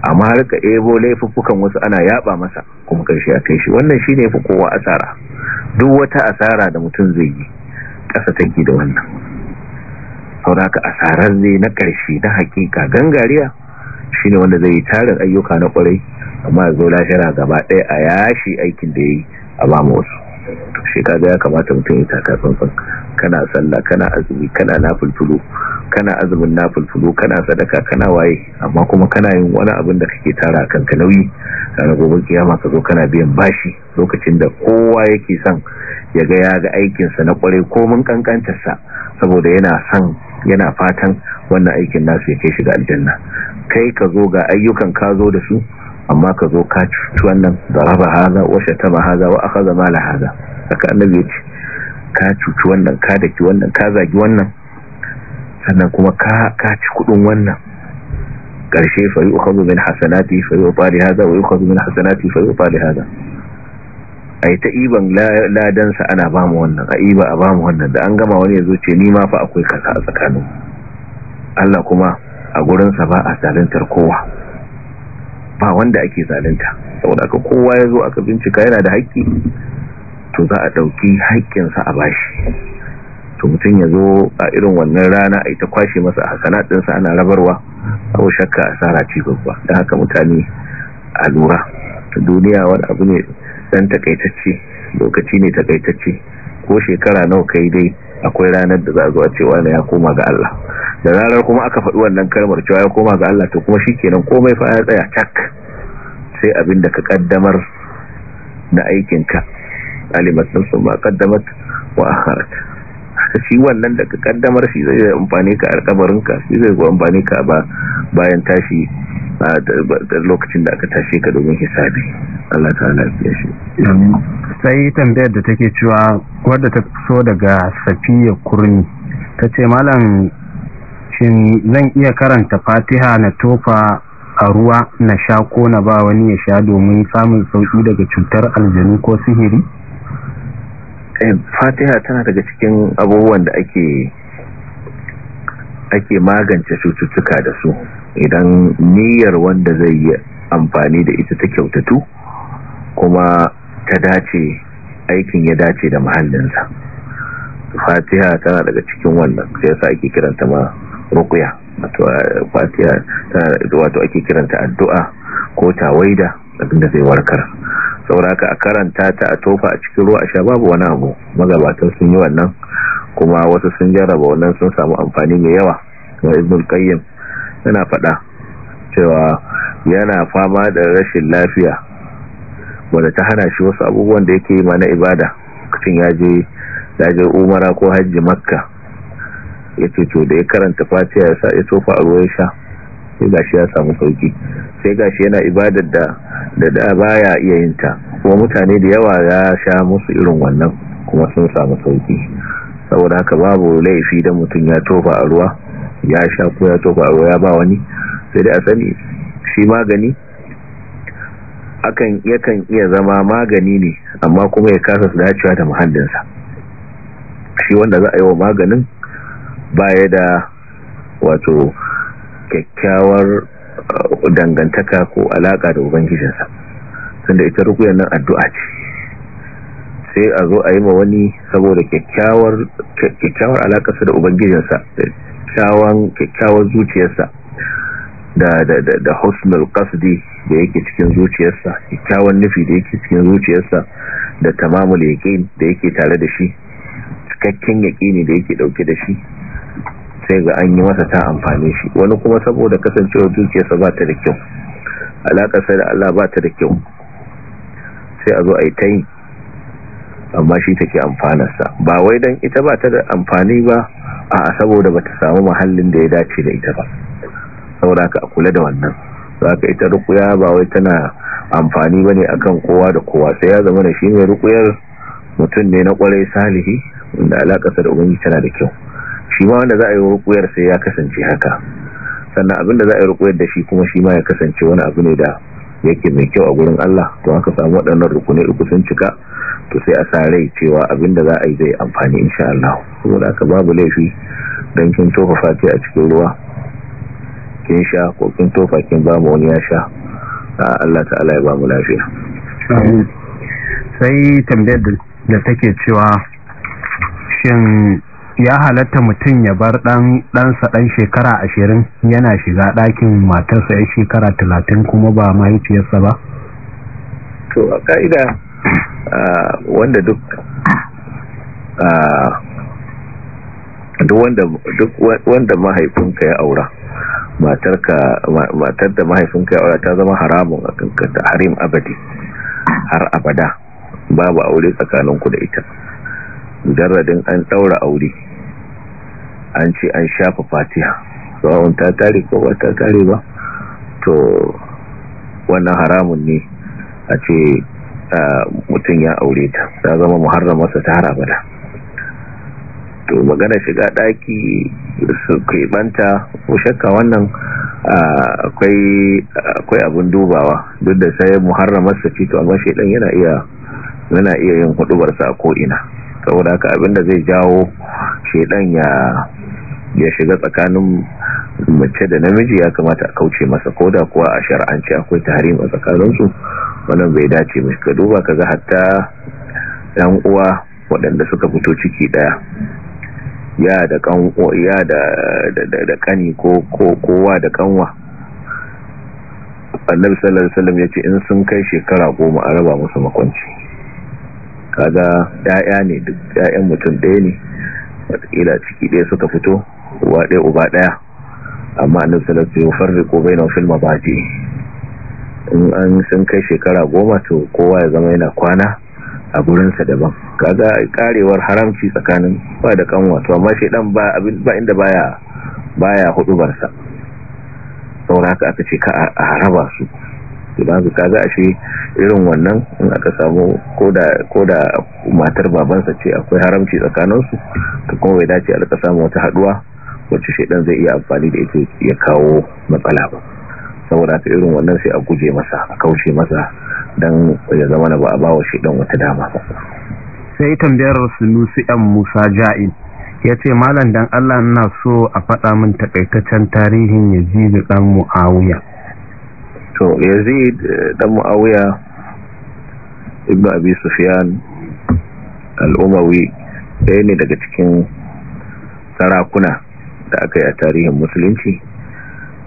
Speaker 3: amma har ka ebo laifukan wasu ana yaba masa kuma karshe a kai shi wannan shine fi kowa asara duk wata asara da mutum zai yi ƙasa take da wannan sauraka asarar ne na karshe na hakika gangariya shine wanda zai yi tarin ayyuka na kwarai amma zo lahira gaba ɗaya a yashi aikin da yayi a ba mu wasu shi kaga ya kamata mutum ya taka kana sallah kana azumi kana nafilfulu kana azumin nafulfulu kana sadaka kana waye amma kuma kana yin wani abin da kake tara kanka nauyi ranar gobe kiyama ka zo kana biyan bashi lokacin da kowa yake son ya ga ya ga aikinsa na kware komin kankantarsa saboda yana son yana fatan wannan aikin nasu ya kai shi ga aljanna kai ka zo ga ayyukan ka zo da su amma ka zo ka cutu wannan zaraba haza wa taba haza wa zama la haza haka annabi ce ka cutu wannan ka daki wannan ka zagi wannan sannan kuma ka ka ci kudin wannan karshe fa yu'khadhu min hasanati fa yu'ta li wa yu'khadhu min hasanati fa yu'ta ai ta iban ladansa ana ba mu wannan a iba a ba mu wannan da an gama wani yazo ce ni fa akwai kasa a tsakanin Allah kuma a gurinsa ba a zalintar kowa ba wanda ake zalunta saboda ka kowa ya zo aka bincika yana da haƙƙi to za a dauki haƙƙinsa a bashi to mutum ya zo a irin wannan rana a ita kwashe masa a hasanatinsa ana rabarwa abu shakka a tsara babba don haka mutane a lura duniya wani abu ne dan takaitacce lokaci ne takaitacce ko shekara nawa kai dai akwai ranar da za zuwa cewa na ya koma ga Allah da ranar kuma aka faɗi wannan kalmar cewa ya koma ga Allah to kuma shi kenan komai fa ya tsaya cak sai abin da ka kaddamar na aikinka alimatsun sun ma kaddamar wa akharat shi wannan da ka kaddamar shi zai amfane ka a ka shi zai go amfane ka ba bayan tashi a lokacin da aka tashi ka domin hisabi Allah ta lafiya shi
Speaker 2: sai tambayar da take cewa wadda ta so daga safiya kurmi ta ce malam shin zan iya karanta fatiha na tofa a ruwa na sha ko na ba wani ya sha domin samun sauki daga cutar aljanu ko sihiri
Speaker 3: Eh, fatiha tana daga cikin abubuwan da ake ake magance cututtuka da su idan niyyar wanda zai yi amfani da ita ta kyautatu kuma ta dace aikin ya dace da mahallinsa fatiha tana daga cikin wannan sai yasa ake kiranta ma ruqya wato eh, fatiha tana wato ake kiranta addu'a ko tawaida abinda zai warkar sauraka a karanta ta a tofa a cikin ruwa a sha babu wani abu magabatan sun yi wannan kuma wasu sun jarraba wannan sun samu amfani mai yawa wa ibn qayyim yana fada cewa yana fama da rashin lafiya wanda ta hana shi wasu abubuwan da yake yi mana ibada cikin yaje yaje umara ko hajji makka yace to da ya karanta fatiha ya ya tofa a ruwa ya sha sai gashi ya samu sauki sai gashi yana ibadar da da da baya iya yin ta kuma mutane da yawa ya sha musu irin wannan kuma sun samu sauki saboda haka babu laifi da mutum ya tofa a ruwa ya sha ko ya tofa a ruwa ya ba wani sai dai a sani shi magani akan yakan iya zama magani ne amma kuma ya kasa su dacewa da muhallinsa shi wanda za a yi wa maganin baya da wato kyakkyawar dangantaka ko alaka da ubangijinsa tunda ita rukuyar nan addu'a ce sai a zo a yi ma wani saboda kyakkyawar alakarsa da ubangijinsa kyakkyawar zuciyarsa da husnul qasdi da yake cikin zuciyarsa kyakkyawan nufi da yake cikin zuciyarsa da tamamul yaqin da yake tare da shi cikakken yaqini da yake dauke da shi sai ga an yi masa ta amfani shi wani kuma saboda kasancewa dukiyarsa ba ta da kyau sai da Allah ba ta da kyau sai a zo a yi ta yi amma shi take amfanarsa ba wai don ita ba ta da amfani ba a saboda ba ta samu mahallin da ya dace da ita ba saboda ka kula da wannan za ita rukuya ba wai tana amfani ba ne akan kowa da kowa sai ya zama da shi mai rukuyar mutum ne na kwarai salihi wanda alakarsa da ubangi tana da kyau shi ma wanda za a yi rukuyar sai ya kasance haka sannan abin da za a yi rukuyar da shi kuma shi ma ya kasance wani abu ne da yake mai kyau a gurin Allah to aka samu waɗannan rukunai uku sun cika to sai a sa rai cewa abin da za a yi zai amfani insha Allah da aka babu laifi dan kin tofa fati a cikin ruwa kin sha ko kin tofa kin ba mu wani ya sha Allah ta'ala ya ba mu lafiya
Speaker 2: sai tambayar da take cewa shin ya halatta mutum ya bar ɗansa ɗan shekara ashirin yana shiga ɗakin matarsa ya shekara talatin kuma ba mahaifiyarsa ba?
Speaker 3: to a ka'ida wanda duk wanda mahaifinka ya aura matar da mahaifinka ya aura ta zama haramun a kankanta harim abadi har abada babu aure tsakaninku da ita garradin an daura aure an ce an shafa fatiha tsawon ta tare ko ba ta tare ba to wannan haramun ne a ce mutum ya aure ta ta zama muharramarsa ta haraba da to magana shiga ɗaki, su kribanta ko shakka wannan akwai abin dubawa duk da sai muharramarsa ce to amma shaidan yana iya yana iya yin hudubarsa ko ina. saboda haka abinda zai jawo shedan ya ya shiga tsakanin mace da namiji ya kamata a kauce masa koda kuwa a shar'anci akwai tarihi a tsakaninsu wannan bai dace mai ka duba ka ga hatta yan uwa waɗanda suka fito ciki ɗaya ya da kan ya da kani ko kowa da kanwa annabi sallallahu alaihi wasallam yace in sun kai shekara goma a raba musu makwanci kaga ɗaya ne duk ɗayan mutum ɗaya ne watakila ciki ɗaya suka fito uwa ɗaya uba ɗaya amma salatu ya farri ko bai na filma ba mabaji in an sun kai shekara goma to kowa ya zama yana kwana a gurinsa daban kaga karewar haramci tsakanin ba da kanwa to amma shi ba ba inda baya baya hudu barsa aka ce ka a haraba su to da ka za a shi irin wannan in aka samu ko da matar babansa ce akwai haramci tsakaninsu ta kuma bai dace alka samu wata haduwa wacce shaidan zai iya amfani da ita ya kawo matsala ba saboda ta irin wannan sai a guje masa a kaushe masa don ya zama na ba a bawa shaidan wata dama
Speaker 2: sai tambayar sunusi yan musa ja'in ya ce malam dan allah na so a faɗa min takaitaccen tarihin yazid dan
Speaker 3: muawiya to yazid eh, dan muawiya ibnu abi sufyan al-umawi ɗaya ne daga cikin sarakuna da aka yi a tarihin musulunci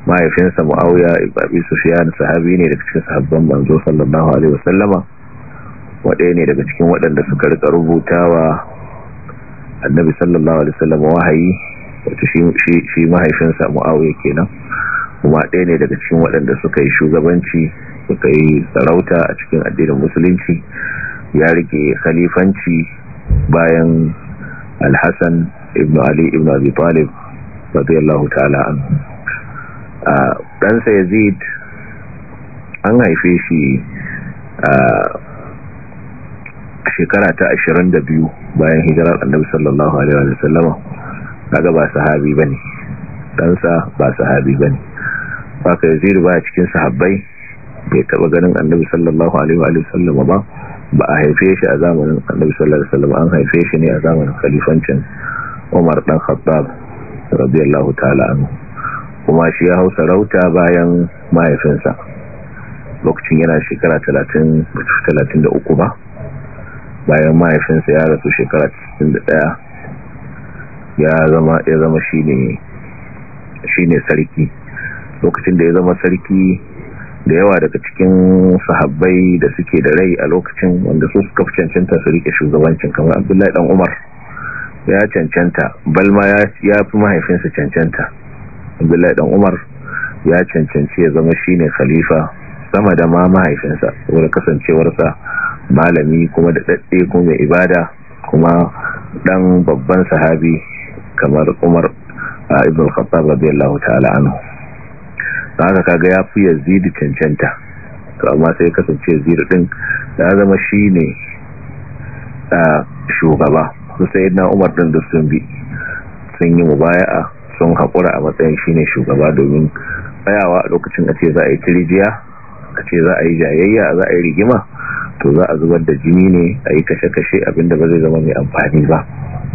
Speaker 3: mahaifinsa muawiya ibnu abi sufyan sahabi ne daga cikin sahabban manzo sallallahu alaihi wasallama waɗaya ne daga cikin waɗanda suka rika rubutawa annabi sallallahu alaihi wasallam wahayi wato shi mahaifinsa muawiya kenan kuma ɗaya ne daga cikin waɗanda suka yi shugabanci suka yi sarauta a cikin addinin musulunci ya rike khalifanci bayan alhassan ibn ali ibn abi talib radiyallahu ta'ala an ɗansa yazid an haife shi a shekara ta ashirin 22 bayan hijirar annabi sallallahu alaihi wasallama daga ba sahabi bane ɗansa ba sahabi bane haka yazidu ba cikin sahabbai bai taba ganin annabi sallallahu alaihi wa sallam ba ba a haife shi a zamanin annabi sallallahu alaihi wa sallam an haife shi ne a zamanin khalifancin Umar dan Khattab radiyallahu ta'ala anhu kuma shi ya hausa rauta bayan mahaifinsa lokacin yana shekara 30 33 ba bayan mahaifinsa ya rasu shekara 61 ya zama ya zama shine shine sarki lokacin da ya zama sarki da yawa daga cikin sahabbai da suke da rai a lokacin wanda su suka cancanta su rike shugabancin kamar abdullahi dan umar ya cancanta balma ya fi mahaifinsa cancanta abdullahi dan umar ya cancanci ya zama shine khalifa sama da ma mahaifinsa wadda kasancewarsa malami kuma da dadde kuma mai ibada kuma dan babban sahabi kamar umar a ibn khattab radiyallahu ta'ala anhu don haka kaga ya fi yazidi cancanta to amma sai kasance yazidi din ya zama shi ne shugaba su sai na umar din da sun bi sun yi mubaya'a sun haƙura a matsayin shi ne shugaba domin tsayawa a lokacin a ce za a yi tirijiya a ce za a yi jayayya za a yi rigima to za a zubar da jini ne a yi kashe-kashe abinda ba zai zama mai amfani ba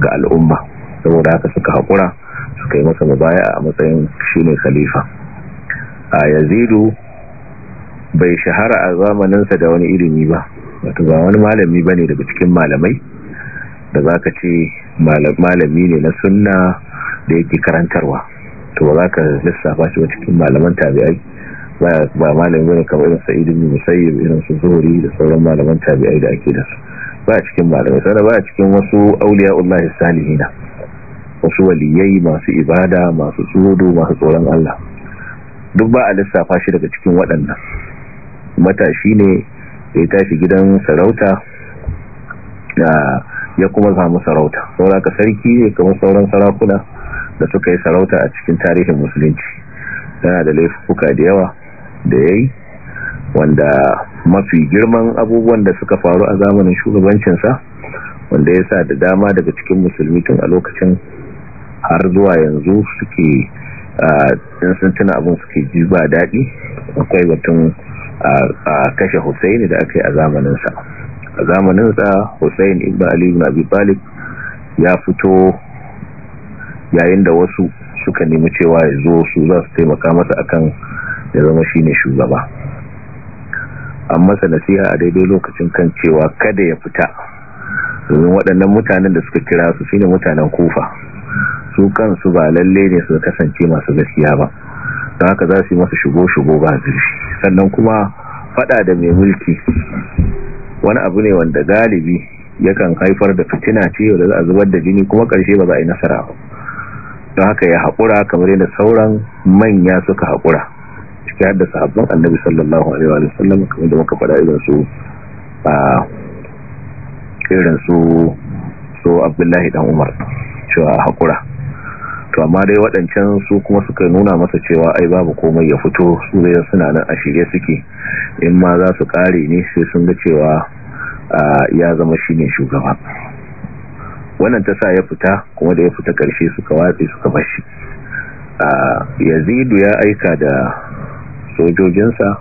Speaker 3: ga al'umma saboda haka suka haƙura suka yi masa mubaya'a a matsayin shi ne khalifa a yazidu bai shahara a zamaninsa da wani ilimi ba wato ba wani malami ba ne daga cikin malamai da za ka ce malami ne na sunna da yake karantarwa to ba za ka lissafa shi cikin malaman tabi'ai ba malami ba ne kamar irin sa'idin musayyar irin su zuhuri da sauran malaman tabi'ai da ake da su ba a cikin malamai sana ba a cikin wasu auliya'ullahi salihina wasu waliyai masu ibada masu tsodo masu tsoron Allah duk ba a lissafa shi daga cikin waɗannan matashi ne ya tashi gidan sarauta ya kuma samu sarauta saura ka sarki ne kamar sauran sarakuna da suka yi sarauta a cikin tarihin musulunci yana da laifuka da yawa da ya yi wanda mafi girman abubuwan da suka faru a zamanin shugabancinsa wanda ya sa da dama daga cikin musulmi tun a lokacin har zuwa yanzu suke sun sun tuna abin suke ji ba daɗi akwai batun a kashe hussaini da aka yi a zamaninsa a zamaninsa husaini ibn ali ibn abi balib ya fito yayin da wasu suka nemi cewa ya zo su za su taimaka masa akan ya zama shine shugaba an masa nasiha a daidai lokacin kan cewa kada ya fita domin waɗannan mutanen da suka kira su shine mutanen kufa su kansu ba lalle ne su kasance masu gaskiya ba don haka za su yi masu shigo-shigo ba zirshi sannan kuma fada da mai mulki wani abu ne wanda galibi yakan haifar da fitina ce da za a zubar da jini kuma karshe ba za a yi nasara ba don haka ya haƙura kamar yadda sauran manya suka haƙura ciki har sahabban annabi sallallahu alaihi wa sallam kamar da muka faɗa irin su a irin su abdullahi dan umar cewa haƙura to amma dai waɗancan su kuma suka nuna masa cewa ai babu komai ya fito su dai suna nan a shirye suke in ma za su ƙare ne sai sun ga cewa ya zama shi ne shugaba wannan ta sa ya fita kuma da ya fita ƙarshe suka watsi suka bashi yazidu ya aika da sojojinsa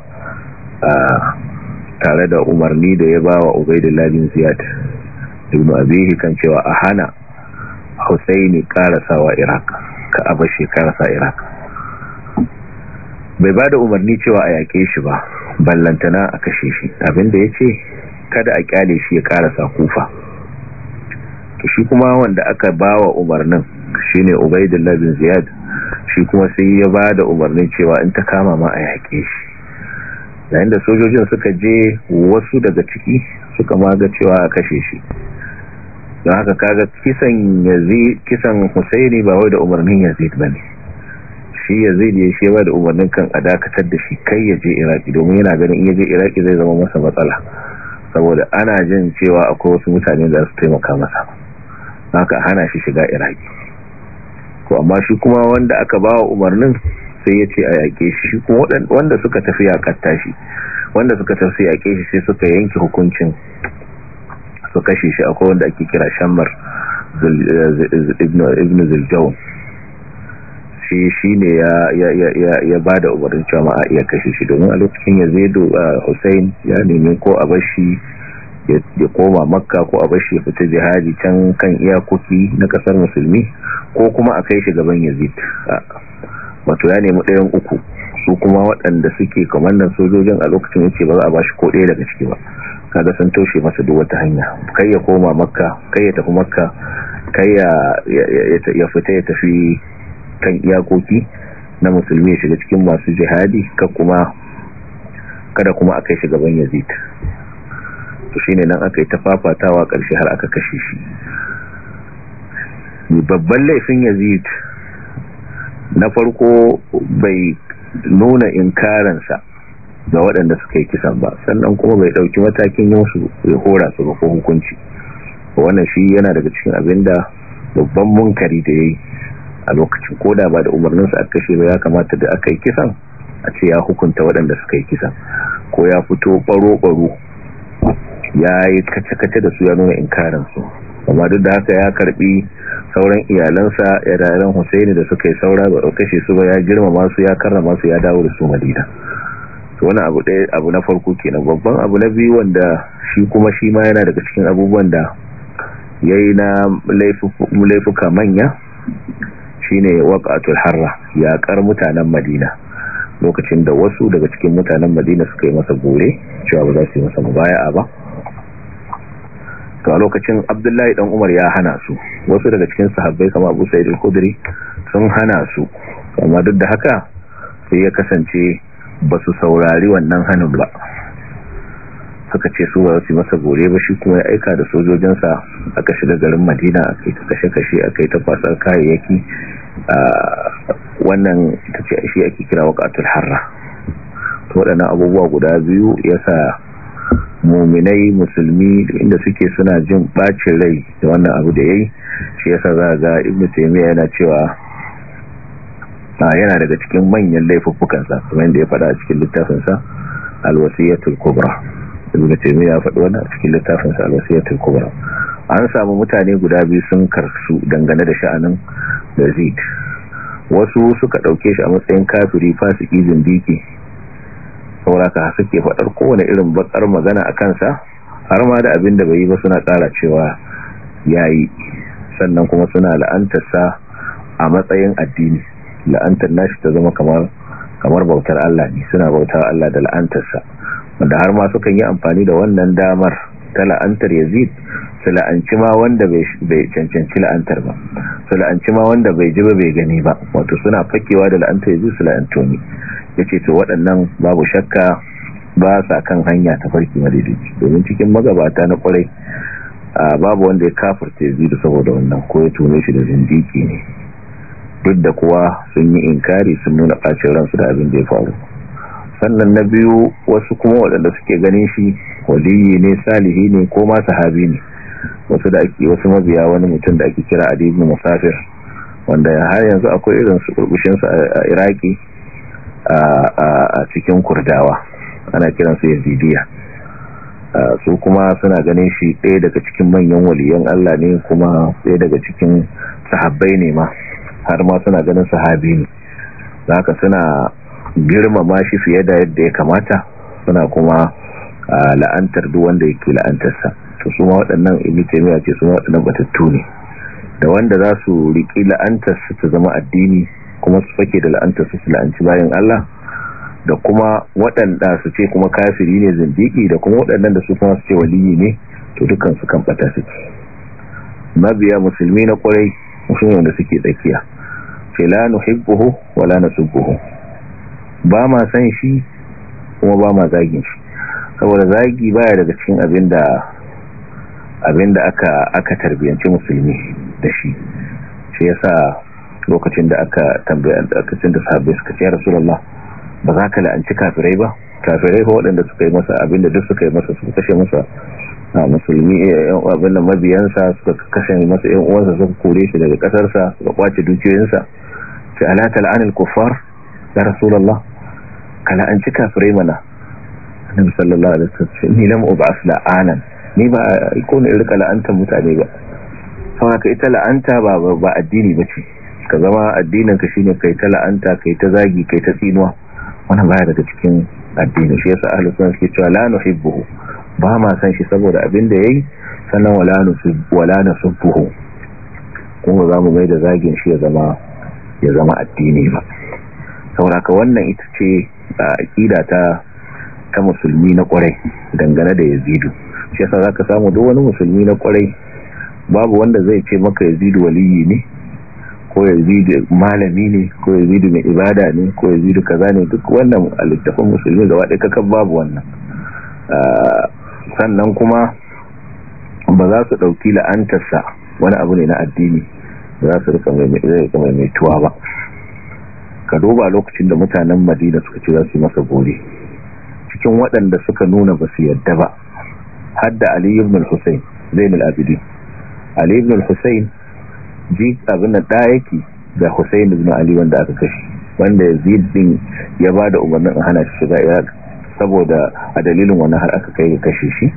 Speaker 3: tare da umarni da ya ba wa ubaidullahi ziyad ibn abihi kan cewa a hana husaini karasawa iraq ka abashi karasa iraq bai ba da umarni cewa a yaƙe shi ba ballantana a kashe shi abinda ya ce kada a kyale shi ya karasa kufa shi kuma wanda aka bawa umarnin shi ne ubaidullah bin ziyad shi kuma sai ya ba da umarnin cewa in ta kama ma a yake shi yayin da sojojin suka je wasu daga ciki suka maga cewa a kashe shi don haka kaga kisan yazid kisan husaini ba wai da umarnin yazid ba ne shi yazid ya shi ba da umarnin kan a dakatar da shi kai ya je iraki domin yana ganin iya je iraki zai zama masa matsala saboda ana jin cewa akwai wasu mutane da su taimaka masa haka hana shi shiga iraki ko amma shi kuma wanda aka ba wa umarnin sai ya ce a yaƙe shi kuma wanda suka tafi yaƙar tashi wanda suka tafi yaƙe shi sai suka yanke hukuncin a kashe shi akwai wanda ake kira shammar eh, ibn zuljawun shi shi ne ya ba da umarnin cewa a iya kashe shi domin a lokacin ya a eh, hussein ya nemi ko a bashi ya koma makka ko a bashi ya fita jihadi can kan iyakoki na kasar musulmi ko kuma a kai shi gaban yazid wato ya nemi ɗayan uku su kuma waɗanda suke kamar nan sojojin a lokacin ya ba za a bashi ko ɗaya daga ciki ba kaga sun toshe masa duk wata hanya kai ya koma makka kai ya tafi makka kai ya fita ya tafi kan iyakoki na musulmi shiga cikin masu jihadi ka kuma kada kuma aka yi gaban yazid to shine nan aka yi ta fafatawa ƙarshe har aka kashe shi babban laifin yazid na farko bai nuna inkaransa ga waɗanda suka yi kisan ba sannan kuma bai ɗauki matakin yin su bai hora su ba ko hukunci wannan shi yana daga cikin abin da babban munkari da ya yi a lokacin koda ba da umarninsa a kashe ba ya kamata da aka yi kisan a ce ya hukunta waɗanda suka yi kisan ko ya fito baro-baro ya yi kace-kace da su ya nuna inkarinsu amma duk da haka ya karbi sauran iyalansa ya daren husaini da suka yi saura ba a kashe su ba ya girmama su ya karna su ya dawo da su madina Wannan wani abu ɗaya abu na farko kenan babban abu na biyu wanda shi kuma shi ma yana daga cikin abubuwan da ya yi na laifuka manya shine waqatul harra ya yaƙar mutanen madina lokacin da wasu daga cikin mutanen madina suka yi masa gore cewa ba za su yi masa mubaya'a ba to lokacin abdullahi dan umar ya hana su wasu daga cikin sahabbai kama abu sa'id al-khudri sun hana su amma duk da haka sai ya kasance ba su saurari wannan hannun ba suka ce su ba su masa gore ba shi kuma ya aika da sojojinsa aka shiga garin madina kai ta kashe-kashe kai ta kwasar kayayyaki wannan ita ce shi ake kira wakatul harra ta waɗannan abubuwa guda biyu ya sa muminai musulmi inda suke suna jin ɓacin rai da wannan abu da ya yi shi ya sa za a ga ibn taimiyya yana cewa Ah, yana daga cikin manyan laifuffukansa kuma inda ya faɗa a cikin littafinsa alwasiyatul kubra ibn taymi ya faɗi wannan a cikin littafinsa alwasiyatul kubra an samu mutane guda biyu sun karsu dangane da sha'anin yazid wasu suka dauke shi a matsayin kafiri fasiki zindiki sauraka suke faɗar kowane irin bakar magana a kansa har ma da abin da bai yi ba suna ƙara cewa yayi sannan kuma suna la'antarsa a matsayin addini la'antar nashi ta zama kamar bautar Allah ne suna bautar Allah da la'antarsa wanda har ma sukan yi amfani da wannan damar ta la'antar Yazid su la'anci ma wanda bai cancanci la'antar ba su la'anci ma wanda bai ji ba bai gani ba wato suna fakewa da la'antar Yazid su la'anto ne ya ce to waɗannan babu shakka ba sa kan hanya ta farki madaidaici domin cikin magabata na kwarai babu wanda ya kafirta Yazid saboda wannan ko ya shi da zindiki ne duk da kuwa sun yi inkari sun nuna ɓacin ransu da abin da ya faru sannan na biyu wasu kuma waɗanda suke ganin shi waliyi ne salihi ne ko ma sahabi ne wasu da ake wasu mabiya wani mutum da ake kira adibu musafir wanda har yanzu akwai irin su kurkushin su a iraki a cikin kurdawa ana kiran su yazidiya su kuma suna ganin shi ɗaya daga cikin manyan waliyan Allah ne kuma ɗaya daga cikin sahabbai ne ma har ma suna ganin sahabi ne haka suna girmama shi fiye da yadda ya kamata suna kuma la'antar duk wanda yake la'antarsa to su ma waɗannan ibnu ce su ma waɗannan batattu ne da wanda za su riƙi la'antarsa ta zama addini kuma su fake da la'antarsa su la'anci bayan Allah da kuma waɗanda su ce kuma kafiri ne zindiki da kuma waɗannan da su kuma su ce waliyi ne to dukkan su kan su ce mabiya musulmi na kwarai musulmi da suke tsakiya ce la nuhibbuhu wa la nasubbuhu ba ma san shi kuma ba ma zagin shi saboda zagi baya daga cikin abinda abinda aka aka tarbiyanci musulmi da shi shi yasa lokacin da aka tambaye aka da sahabbai suka ce rasulullah ba za ka la'anci kafirai ba kafirai ko waɗanda suka yi masa abinda duk suka yi masa suka kashe masa a musulmi eh, yan abin mabiyansa suka kashe masa yan uwansa suka kore shi daga kasarsa suka kwace dukiyoyinsa ce ala tal'an al-kuffar ya rasulullah an ci kafirai mana annabi sallallahu alaihi wasallam ni lam ub'as la'anan ni ba ko ne rika la'anta mutane ba ka ita la'anta ba ba addini bace ka zama addinin ka shine kai ta la'anta kai ta zagi kai ta tsinuwa wannan baya daga cikin addini shi yasa ahlus sunna suke cewa la nuhibbu ba ma san shi saboda abin da yayi sannan wala nusubbu wala nusubbu kuma za mai da zagin shi ya zama ya zama addini ba sauraka wannan ita ce a aƙida ta ta musulmi na kwarai dangane da yazidu shi yasa ka samu duk wani musulmi na kwarai babu wanda zai ce maka yazidu waliyi ne ko yazidu malami ne ko yazidu mai ibada ne ko yazidu kaza ne duk wannan littafin musulmi gaba ɗaya kakan babu wannan sannan kuma ba za su ɗauki la'antarsa wani abu ne na addini za su rika mai mai tuwa ba ka duba lokacin da mutanen madina suka ce za su yi masa gori cikin waɗanda suka nuna ba su yadda ba hadda ali ibn al-husayn zain al-abidin ali ibn al-husayn ji abin da yake ga husayn ibn ali wanda aka kashi wanda yazid din ya ba da umarnin a hana shi shiga iraq saboda a dalilin wani har aka kai ga kashe shi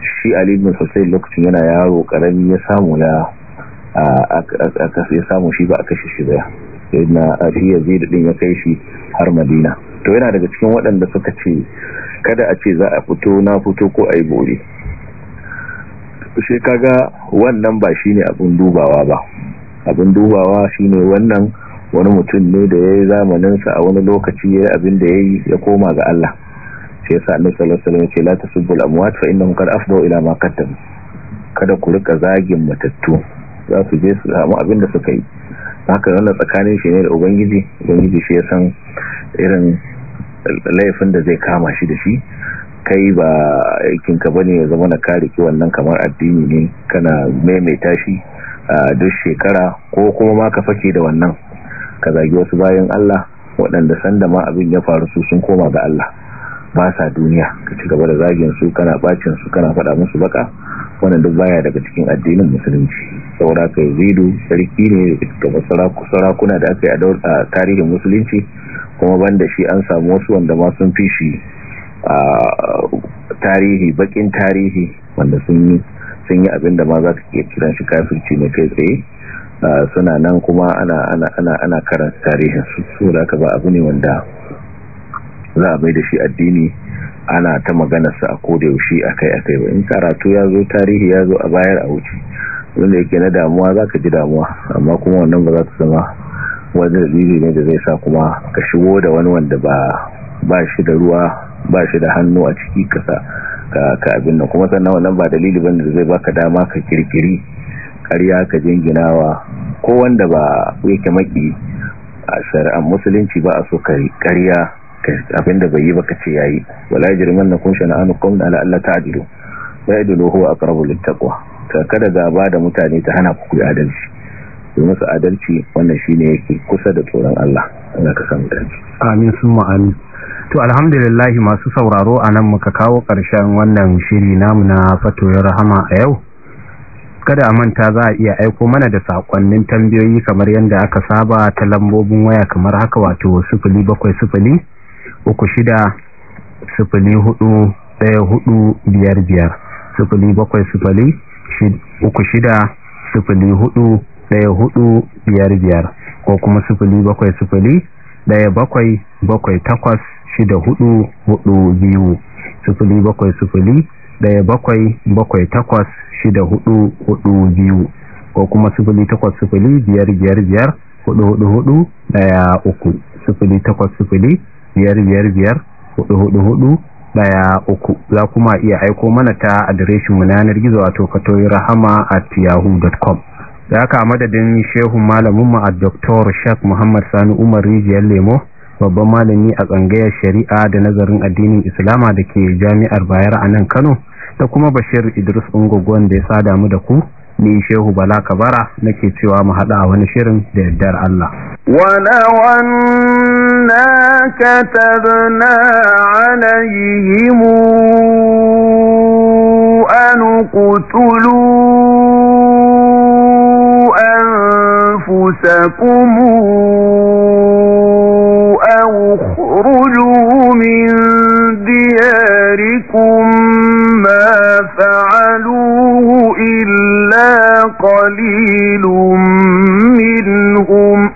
Speaker 3: shi ali ibn al lokacin yana yaro karami ya samu ya aka sai samu shi ba a kashe shi ba na shi yazid din ya kai shi har madina to yana daga cikin waɗanda suka ce kada a ce za a fito na fito ko a yi bori shi kaga wannan ba shine abin dubawa ba abin dubawa shine wannan wani mutum ne da ya yi zamaninsa a wani lokaci ya yi abin da ya yi ya koma ga Allah shi ya sa annabi sallallahu alaihi ce la tasubbu al ila ma kada ku rika zagin matattu za su je su samu abin da suka yi haka wannan tsakanin shi ne da ubangiji ubangiji shi ya san irin laifin da zai kama shi da shi kai ba ka bane ya zama na kare ki wannan kamar addini ne kana maimaita shi a duk shekara ko kuma ma ka fake da wannan ka zagi wasu bayan Allah waɗanda sanda ma abin ya faru su sun koma ga Allah ba sa duniya ka ci gaba da zagin su kana bacin su kana faɗa musu baka wannan duk baya daga cikin addinin musulunci saura ka sarki ne kamar sarakuna da aka yi a tarihin musulunci kuma banda shi an samu wasu wanda ma sun fi shi a tarihi bakin tarihi wanda sun yi abin da abinda ma za ka iya kiran shi kafirci na kai tsaye suna nan kuma ana ana karanta tarihin su saboda ka ba abu ne wanda za a mai da shi addini ana ta maganarsa a da yaushe akai akai ba in karatu ya zo tarihi ya zo a bayar a wuce wanda yake na damuwa za ka ji damuwa amma kuma wannan ba za ta zama wani dalili ne da zai sa kuma ka shigo da wani wanda ba ba shi da ruwa ba shi da hannu a ciki kasa ka abin kuma sannan wannan ba dalili bane da zai baka dama ka kirkiri ƙarya ka jinginawa ko wanda ba yake maki a musulunci ba a so ka ƙarya abinda bai yi ba ka ce yayi wala jirman na kun shana'anu qawmin ala alla ta'dilu wa yadlu huwa aqrabu littaqwa kada gaba da mutane ta hana ku adalci domin su adalci wannan shine yake kusa da tsoron Allah Allah ka samu dace
Speaker 2: amin summa amin to alhamdulillah masu sauraro a nan muka kawo karshen wannan shiri namu na ya rahama a yau kada a manta za a iya aiko mana da sakonnin tambayoyi kamar yadda aka saba ta lambobin waya kamar haka wato 0700 36 04 biyar biyar sifili bakwai sufili uku shida sufuli hudu daya hudu biyar biyar ko kuma sufili bakwai sufili daya bakwai bakwai takwas shida hudu hudu biyu sufili bakwai sufili daya bakwai bakwai takwas shida hudu hudu biyu ko kuma sufili takwas sufili biyar biyar biyar hudu hudu hudu daya uku sufili takwas sufili biyar biyar biyar hudu hudu hudu daya uku za kuma iya aiko mana ta adireshinmu na yanar gizo wato katoyi rahama at yahoo.com da aka madadin shehun malaminmu a doktor shak muhammad sani umar rijiyar lemo babban malami a tsangayar shari'a da nazarin addinin islama da ke jami'ar bayar a nan kano da kuma bashir idris ungogon da ya sada mu da ku ni shehu bala kabara nake cewa mu haɗa wani shirin da yardar allah
Speaker 1: كتبنا عليهم أن اقتلوا أنفسكم أو اخرجوا من دياركم ما فعلوه إلا قليل منهم